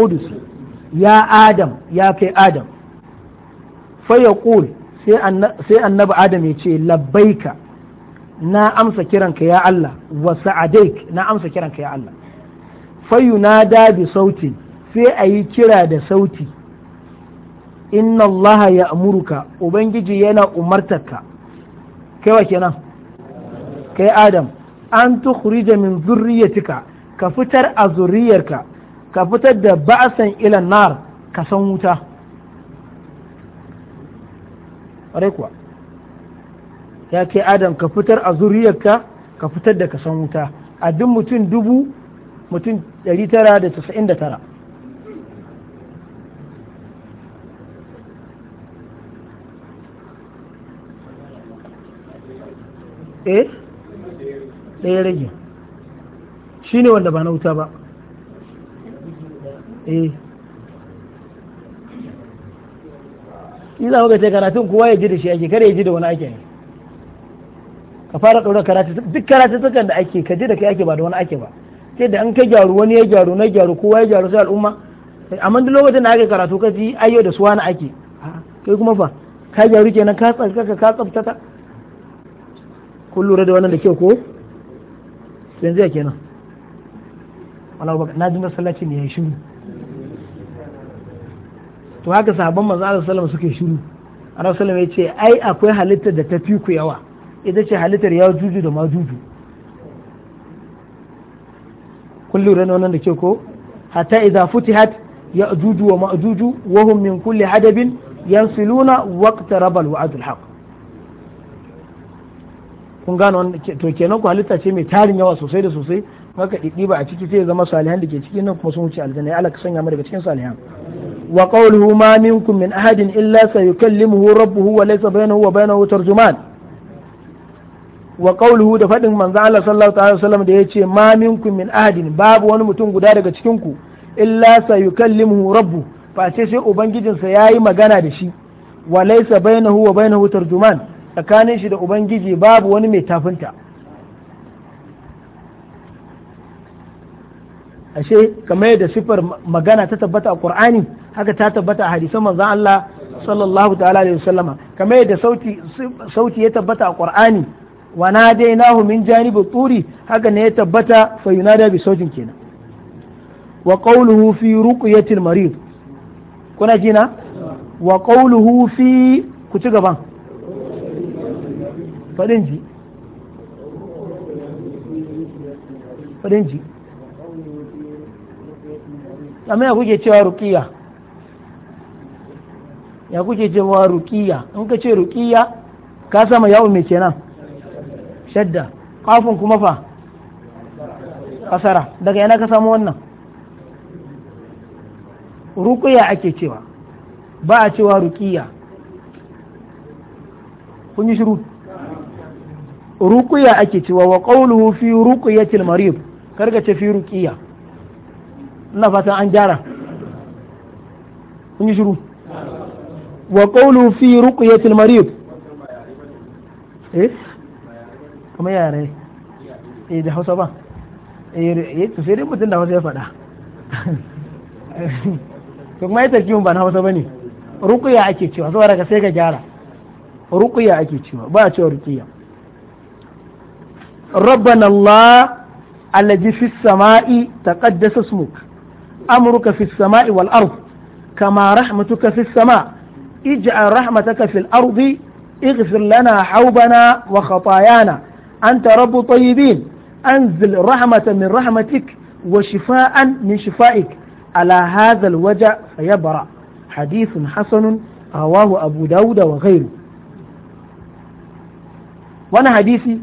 ya adam ya kai adam Faya yaqul sai annabi adam ya ce labbaika na amsa kiranka ya Allah wa sa'adaik na amsa kiranka ya Allah fa bi sai a yi kira da sauti inna Allah ya amuruka ubangiji yana umartarka wa kenan kai adam an tukhrija min zurriyatika ka fitar a zuriyarka ka fitar da ba'asan ilan nar ka san wuta ƙwarai kuwa ya ce adam ka fitar a zuriyarka ka fitar da kasan wuta a duk mutum dubu mutum 999 eh ɗaya rage shi ne wanda ba na wuta ba eh in za ka ce karatun kowa ya ji da shi ake kare ya ji da wani ake ne ka fara ɗaura karatu duk karatu sukan da ake ka ji da kai ake ba da wani ake ba sai da an ka gyaru wani ya gyaru na gyaru kowa ya gyaru sai al'umma amma duk lokacin da aka karatu ka ji ayyo da suwa na ake kai kuma fa ka gyaru kenan ka tsaka ka tsaftata kun lura da wannan da kyau ko yanzu ya kenan wala na dinga sallaci ne ya shiru to haka sahabban manzo Allah sallallahu suke shiru annabi sallallahu ya ce ai akwai halittar da ta fi ku yawa ita ce halittar ya juju da majuju kullu ran wannan da ke ko hatta idza futihat ya'juj wa ma'juj wa hum min kulli hadabin yansiluna waqta rabal wa adul haq kun gano to kenan ku halitta ce mai tarin yawa sosai da sosai maka ba a ciki sai zama salihan da ke ciki nan kuma sun wuce aljanna ya alaka sanya mu daga cikin salihan wa qawluhu ma minkum min ahadin illa sayukallimuhu rabbuhu wa laysa bainahu wa bainahu tarjuman wa qawluhu da fadin manzo Allah sallallahu alaihi wasallam da yace ma minkum min ahadin babu wani mutum guda daga cikin ku illa sayukallimuhu rabbu fa sai sai ubangijinsa yayi magana da shi wa laysa bainahu wa bainahu tarjuman tsakanin shi da ubangiji babu wani mai tafinta ashe kamar yadda sifar magana ta tabbata a qur'ani haka ta tabbata a hadisan manzon Allah sallallahu ta'ala alaihi wasallama kamar yadda sauti sauti ya tabbata a qur'ani wa nadainahu min janibi turi haka ne ya tabbata fa yunada bi sautin kenan wa qawluhu fi ruqyatil marid kuna jina wa qawluhu fi ku ci gaban fadin ji fadin ji amma ya kuke cewa rukiya ya kuke cewa rukiya in ka ce rukiya ka sama yawon me kenan shadda kafin kuma fa kasara daga yana ka samu wannan rukiya ake cewa ba a cewa rukiya kun yi shiru rukiya ake cewa wa qawluhu fi ruqiyatil marid karga ce fi rukiya ina fatan an gyara kun yi shiru wa qawlu fi ruqyati al marid eh kuma yare eh da Hausa ba eh eh to sai dai mutun da Hausa ya fada to mai ita kiwon ba na Hausa bane ruqya ake cewa zuwa daga sai ka gyara ruqya ake cewa ba a cewa ruqya ربنا الله الذي في السماء تقدس اسمك أمرك في السماء والأرض كما رحمتك في السماء اجعل رحمتك في الأرض اغفر لنا حوبنا وخطايانا أنت رب طيبين أنزل رحمة من رحمتك وشفاء من شفائك على هذا الوجع فيبرأ حديث حسن رواه أبو داود وغيره وانا حديثي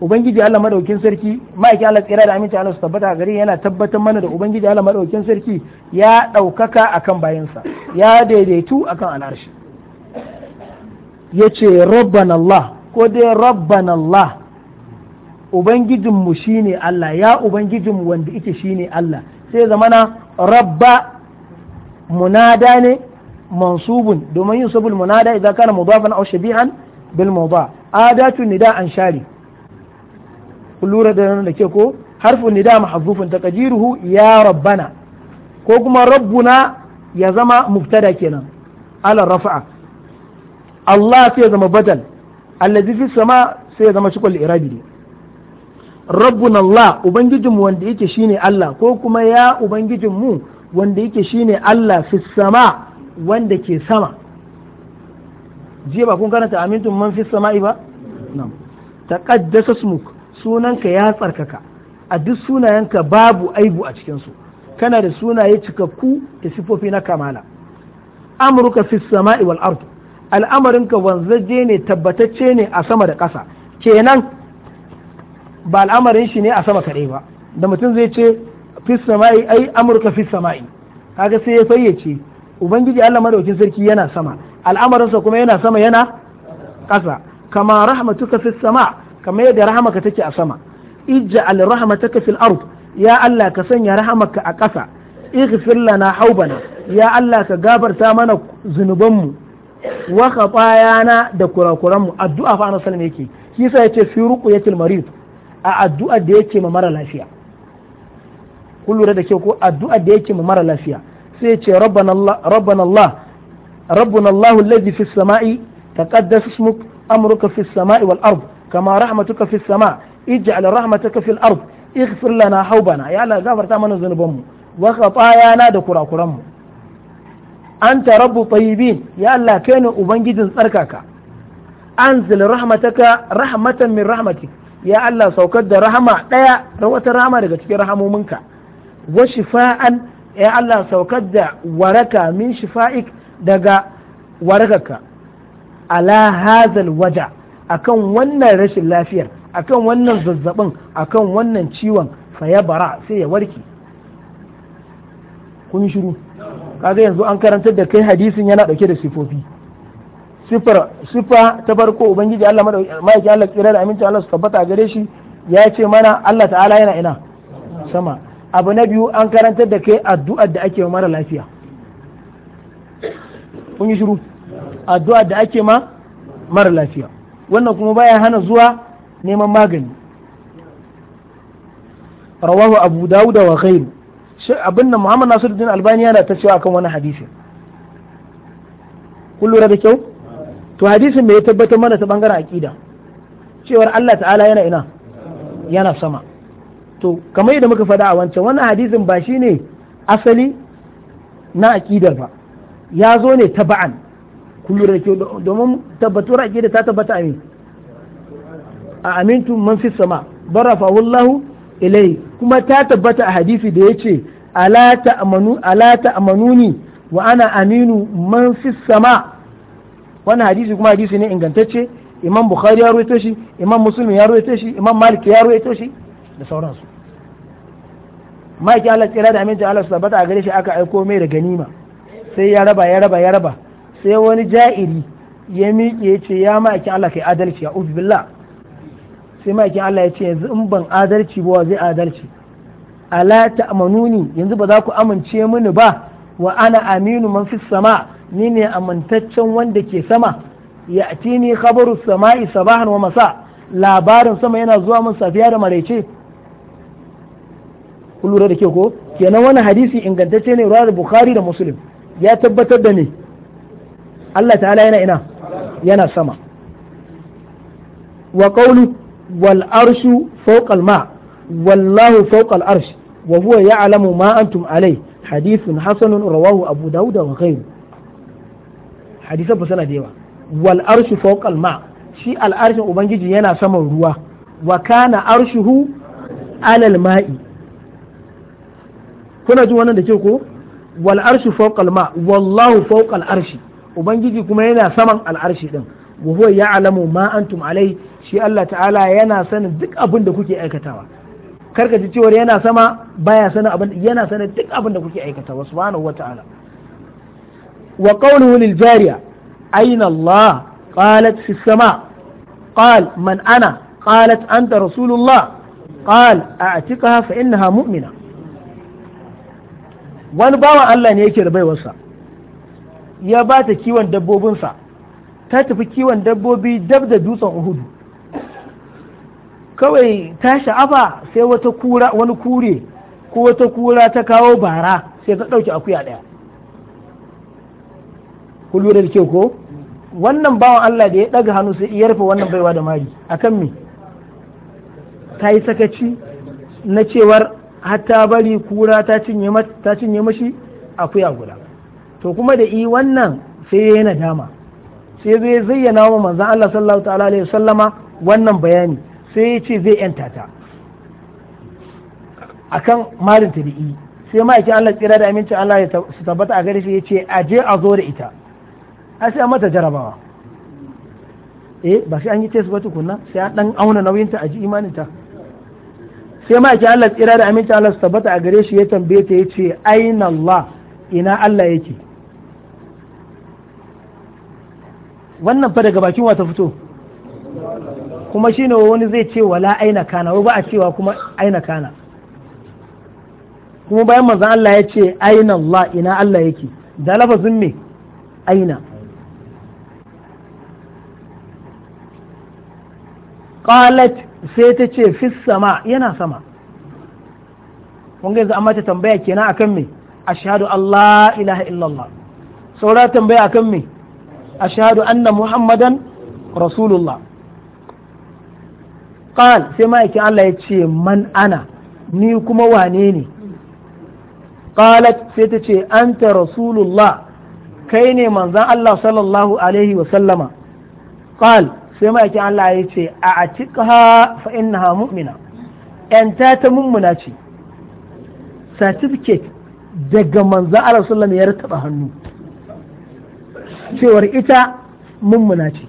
ubangiji Allah madaukin sarki ma'aikin Allah tsira da aminci Allah su tabbata a gari yana tabbatar mana da ubangiji Allah madaukin sarki ya ɗaukaka akan bayansa ya daidaitu akan al'arshi ya ce rabban Allah ko dai rabban Allah ubangijinmu shine Allah ya ubangijinmu wanda ike shine Allah sai zamana rabba munada ne mansubun domin yin sabul munada idan kana mudafan aw shabihan bil da adatu nida an shari kun lura da nan da ke ko harfin nida ta taqdiruhu ya rabbana ko kuma rabbuna ya zama mubtada kenan ala rafa'a Allah sai ya zama badal allazi fi sama sai ya zama shukul irabi rabbuna Allah mu wanda yake shine Allah ko kuma ya ubangijinmu wanda yake shine Allah fi sama wanda ke sama jiya ba kun karanta amintun man fi sama'i ba ta taqaddasa smuk sunanka ya tsarkaka a duk sunayenka babu aibu a cikinsu kana da sunaye cikakku da sifofi na kamala amurka fi sama'i wal ardu al'amarinka wanzaje ne tabbatacce ne a sama da ƙasa kenan ba al'amarin shi ne a sama kaɗai ba da mutum zai ce fi sama'i ai amurka fi sama'i kaga sai ya fayyace ubangiji Allah madaukin sarki yana sama al'amarinsa kuma yana sama yana ƙasa kama rahmatuka fi sama kamar yadda rahamaka take a sama ij'al rahmataka fil ard ya Allah ka sanya rahamaka a ƙasa ighfir lana haubana ya Allah ka gabarta mana zunubanmu wa khatayana da mu addu'a fa annabi sallallahu yake shi yasa yace fi ruqyatil marid a addu'a da yake ma mara lafiya kun lura da ke ko addu'a da yake ma mara lafiya sai yace rabbana allah rabbana allah rabbuna allah alladhi sama'i taqaddas ismuk amruka fis sama'i wal ard kama rahmatuka fis sama ij'al rahmataka fil ard ighfir lana haubana ya Allah gafarta mana zunubanmu wa khatayana da kurakuranmu anta rabbu tayyibin ya Allah kai ne ubangijin tsarkaka anzil rahmataka rahmatan min rahmatik ya Allah saukar da rahama daya wata rahama daga cikin rahamominka wa shifa'an ya Allah saukar da waraka min shifa'ik daga warakarka ala hazal waja akan wannan rashin lafiyar akan wannan zazzabin akan wannan ciwon fa ya bara sai ya warke kun shiru kaga yanzu an karantar da kai hadisin yana dauke da sifofi sifar sifa ta farko ubangiji Allah ma'aiki Allah tsira da aminci Allah su tabbata gare shi ya ce mana Allah ta'ala yana ina sama abu na biyu an karantar da kai addu'ar da ake mara lafiya kun yi shiru addu'ar da ake ma mara lafiya wannan kuma baya hana zuwa neman magani rawahu abu dawud wa ghairu Abinda muhammad nasiruddin albani yana ta cewa akan wani hadisi kun da kyau to hadisin mai ya tabbatar mana ta bangaren aqida cewar Allah ta'ala yana ina yana sama to kamar yadda muka faɗa a wancan wannan hadisin ba shi ne asali na aƙidar ba ya zo ne ta ba'an. kullum da ke domin tabbatuwar aƙida ta tabbata amin a amintu man fi sama barafa wallahu ilai kuma ta tabbata a hadisi da ya ce ala ta amanuni wa ana aminu man fi sama wannan hadisi kuma hadisi ne ingantacce imam bukhari ya ruwaito shi imam muslim ya ruwaito shi imam malik ya ruwaito shi da sauransu ma'aikin allah tsira da aminci allah su tabbata a gare shi aka aiko mai da ganima sai ya raba ya raba ya raba sai wani ja'iri ya miƙe ya ce ya ma'aikin Allah kai adalci a ubi billah sai ma'aikin Allah ya ce yanzu in ban adalci ba zai adalci ala amanuni yanzu ba za ku amince mini ba wa ana aminu man fi sama ni ne amintaccen wanda ke sama ya ni khabaru sama'i sabahan wa masa labarin sama yana zuwa min safiya da maraice ku lura da ke ko kenan wani hadisi ingantacce ne ruwa da bukhari da muslim ya tabbatar da ni. Allah ta'ala yana ina yana sama wa qawlu wal arshu fawqa ma wallahu fawqa al arsh wa huwa ya'lamu ma antum alayhi hadithun hasanun rawahu abu daud wa ghayru hadisan ba sana da yawa wal arshu fawqa ma shi al ubangiji yana saman ruwa wa kana arshuhu alal ma'i kuna ji wannan da ke ko wal arshu fawqa ma wallahu fawqa arshi ubangiji kuma yana saman al'arshi din wa huwa ya'lamu ma antum alai shi Allah ta'ala yana sanin duk abin da kuke aikatawa karka ji cewa yana sama baya sanin abin yana sanin duk abin da kuke aikatawa subhanahu wa ta'ala wa qawluhu lil jariya aina Allah qalat fi sama qal man ana qalat anta rasulullah qal a'tiqaha fa innaha mu'mina wani bawan Allah ne yake da baiwarsa ya ba ta kiwon dabbobinsa ta tafi kiwon dabbobi dab da dutsen uhudu kawai ta sha'afa sai wata kura wani kure ko wata kura ta kawo bara sai ta ɗauki akuya ɗaya ku da kyau ko wannan bawan Allah da ya ɗaga hannu sai iya rufe wannan baiwa da mari akan me ta yi sakaci na cewar hatta bari kura ta cinye mashi akuya guda to kuma da i wannan sai ya yi nadama sai zai zayyana wa manzan Allah sallallahu ta'ala alaihi sallama wannan bayani sai ya ce zai yanta ta akan marin ta da i sai ma'aikin Allah tsira da amincin Allah ya su tabbata a gare shi ya ce a je a zo da ita a sai mata jarabawa eh ba sai an yi test ba tukunna sai an dan auna ta a ji imanin ta sai ma'aikin Allah tsira da amincin Allah su tabbata a gare shi ya tambaye ta ya ce aina Allah ina Allah yake wannan fa daga bakin wata fito kuma shine wani zai ce wala aina kana ba a cewa kuma aina kana kuma bayan manzon Allah ya ce aina Allah ina Allah yake da lafazin me aina qalat sai ta ce fis sama yana sama wanga yanzu an mata tambaya kenan akan me ashhadu Allah ilaha illallah saura tambaya akan me ashhadu anna muhammadan rasulullah qal sai ma'aikin Allah ya ce man ana ni kuma wane ne qalat sai ta ce anta rasulullah kai ne manzon Allah sallallahu alaihi wa sallama qal sai ma'aikin Allah ya ce a atiqha fa innaha mu'mina yanta ta mummuna ce certificate daga manzon Allah sallallahu alaihi wa ya rataba hannu cewar ita mummuna ce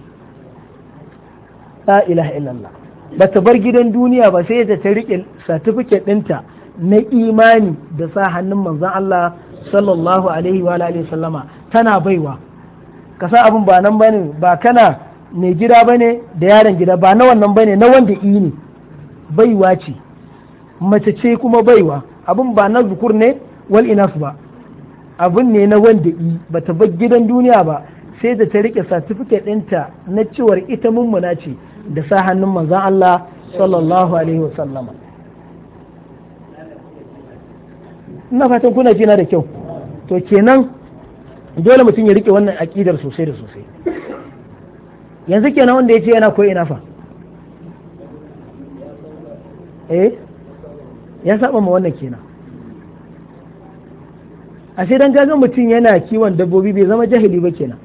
ilaha illallah ba ta bar gidan duniya ba sai ta riƙe satifiket ɗinta na imani da sa hannun manzan Allah sallallahu alaihi wa alihi sallama tana baiwa ka sa abin ba nan bane ba kana mai gida bane da yaron gida ba na wannan bane na wanda yi ne baiwa ce mace ce kuma baiwa abin ba na zukur ne wal inas ba abin ne na wanda yi ba ta bar gidan duniya ba sai da ta rike certificate ɗinta na cewar ita mummuna ce da sa hannun manzan Allah sallallahu alaihi wasallama ina fatan kuna jina da kyau to kenan dole mutum ya rike wannan aƙidar sosai da sosai yanzu kenan wanda ya ce yana koyi ina fa eh ya saba ma wannan kenan ashe don gaga mutum yana kiwon dabbobi bai zama jahili ba kenan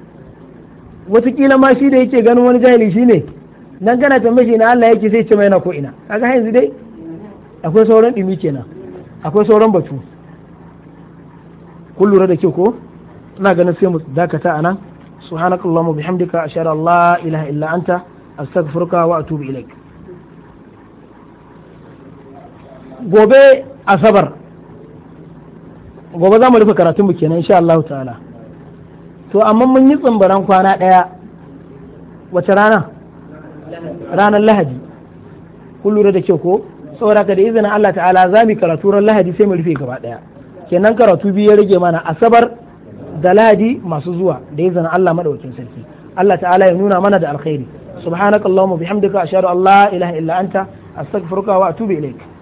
watakila ma shi da yake ganin wani jahili shi ne nan gana ta mashi na Allah yake sai ce mai na ko ina kaga yanzu dai akwai sauran dumi kenan akwai sauran batu kun lura da ke ko ina ganin sai mu dakata anan subhanakallahumma bihamdika ashhadu an la ilaha illa anta astaghfiruka wa atubu ilaik gobe asabar gobe za mu rufe karatunmu kenan insha Allah ta'ala to amma mun yi tsumbaran kwana ɗaya wace rana ranar lahadi kun lura da kyau ko saboda ka da izinin Allah ta'ala za mu karatu ran lahadi sai mu rufe gaba ɗaya kenan karatu biyu ya rage mana asabar da lahadi masu zuwa da izinin Allah madaukakin sarki Allah ta'ala ya nuna mana da alkhairi subhanakallahumma bihamdika ashhadu an la ilaha illa anta astaghfiruka wa atubu ilayk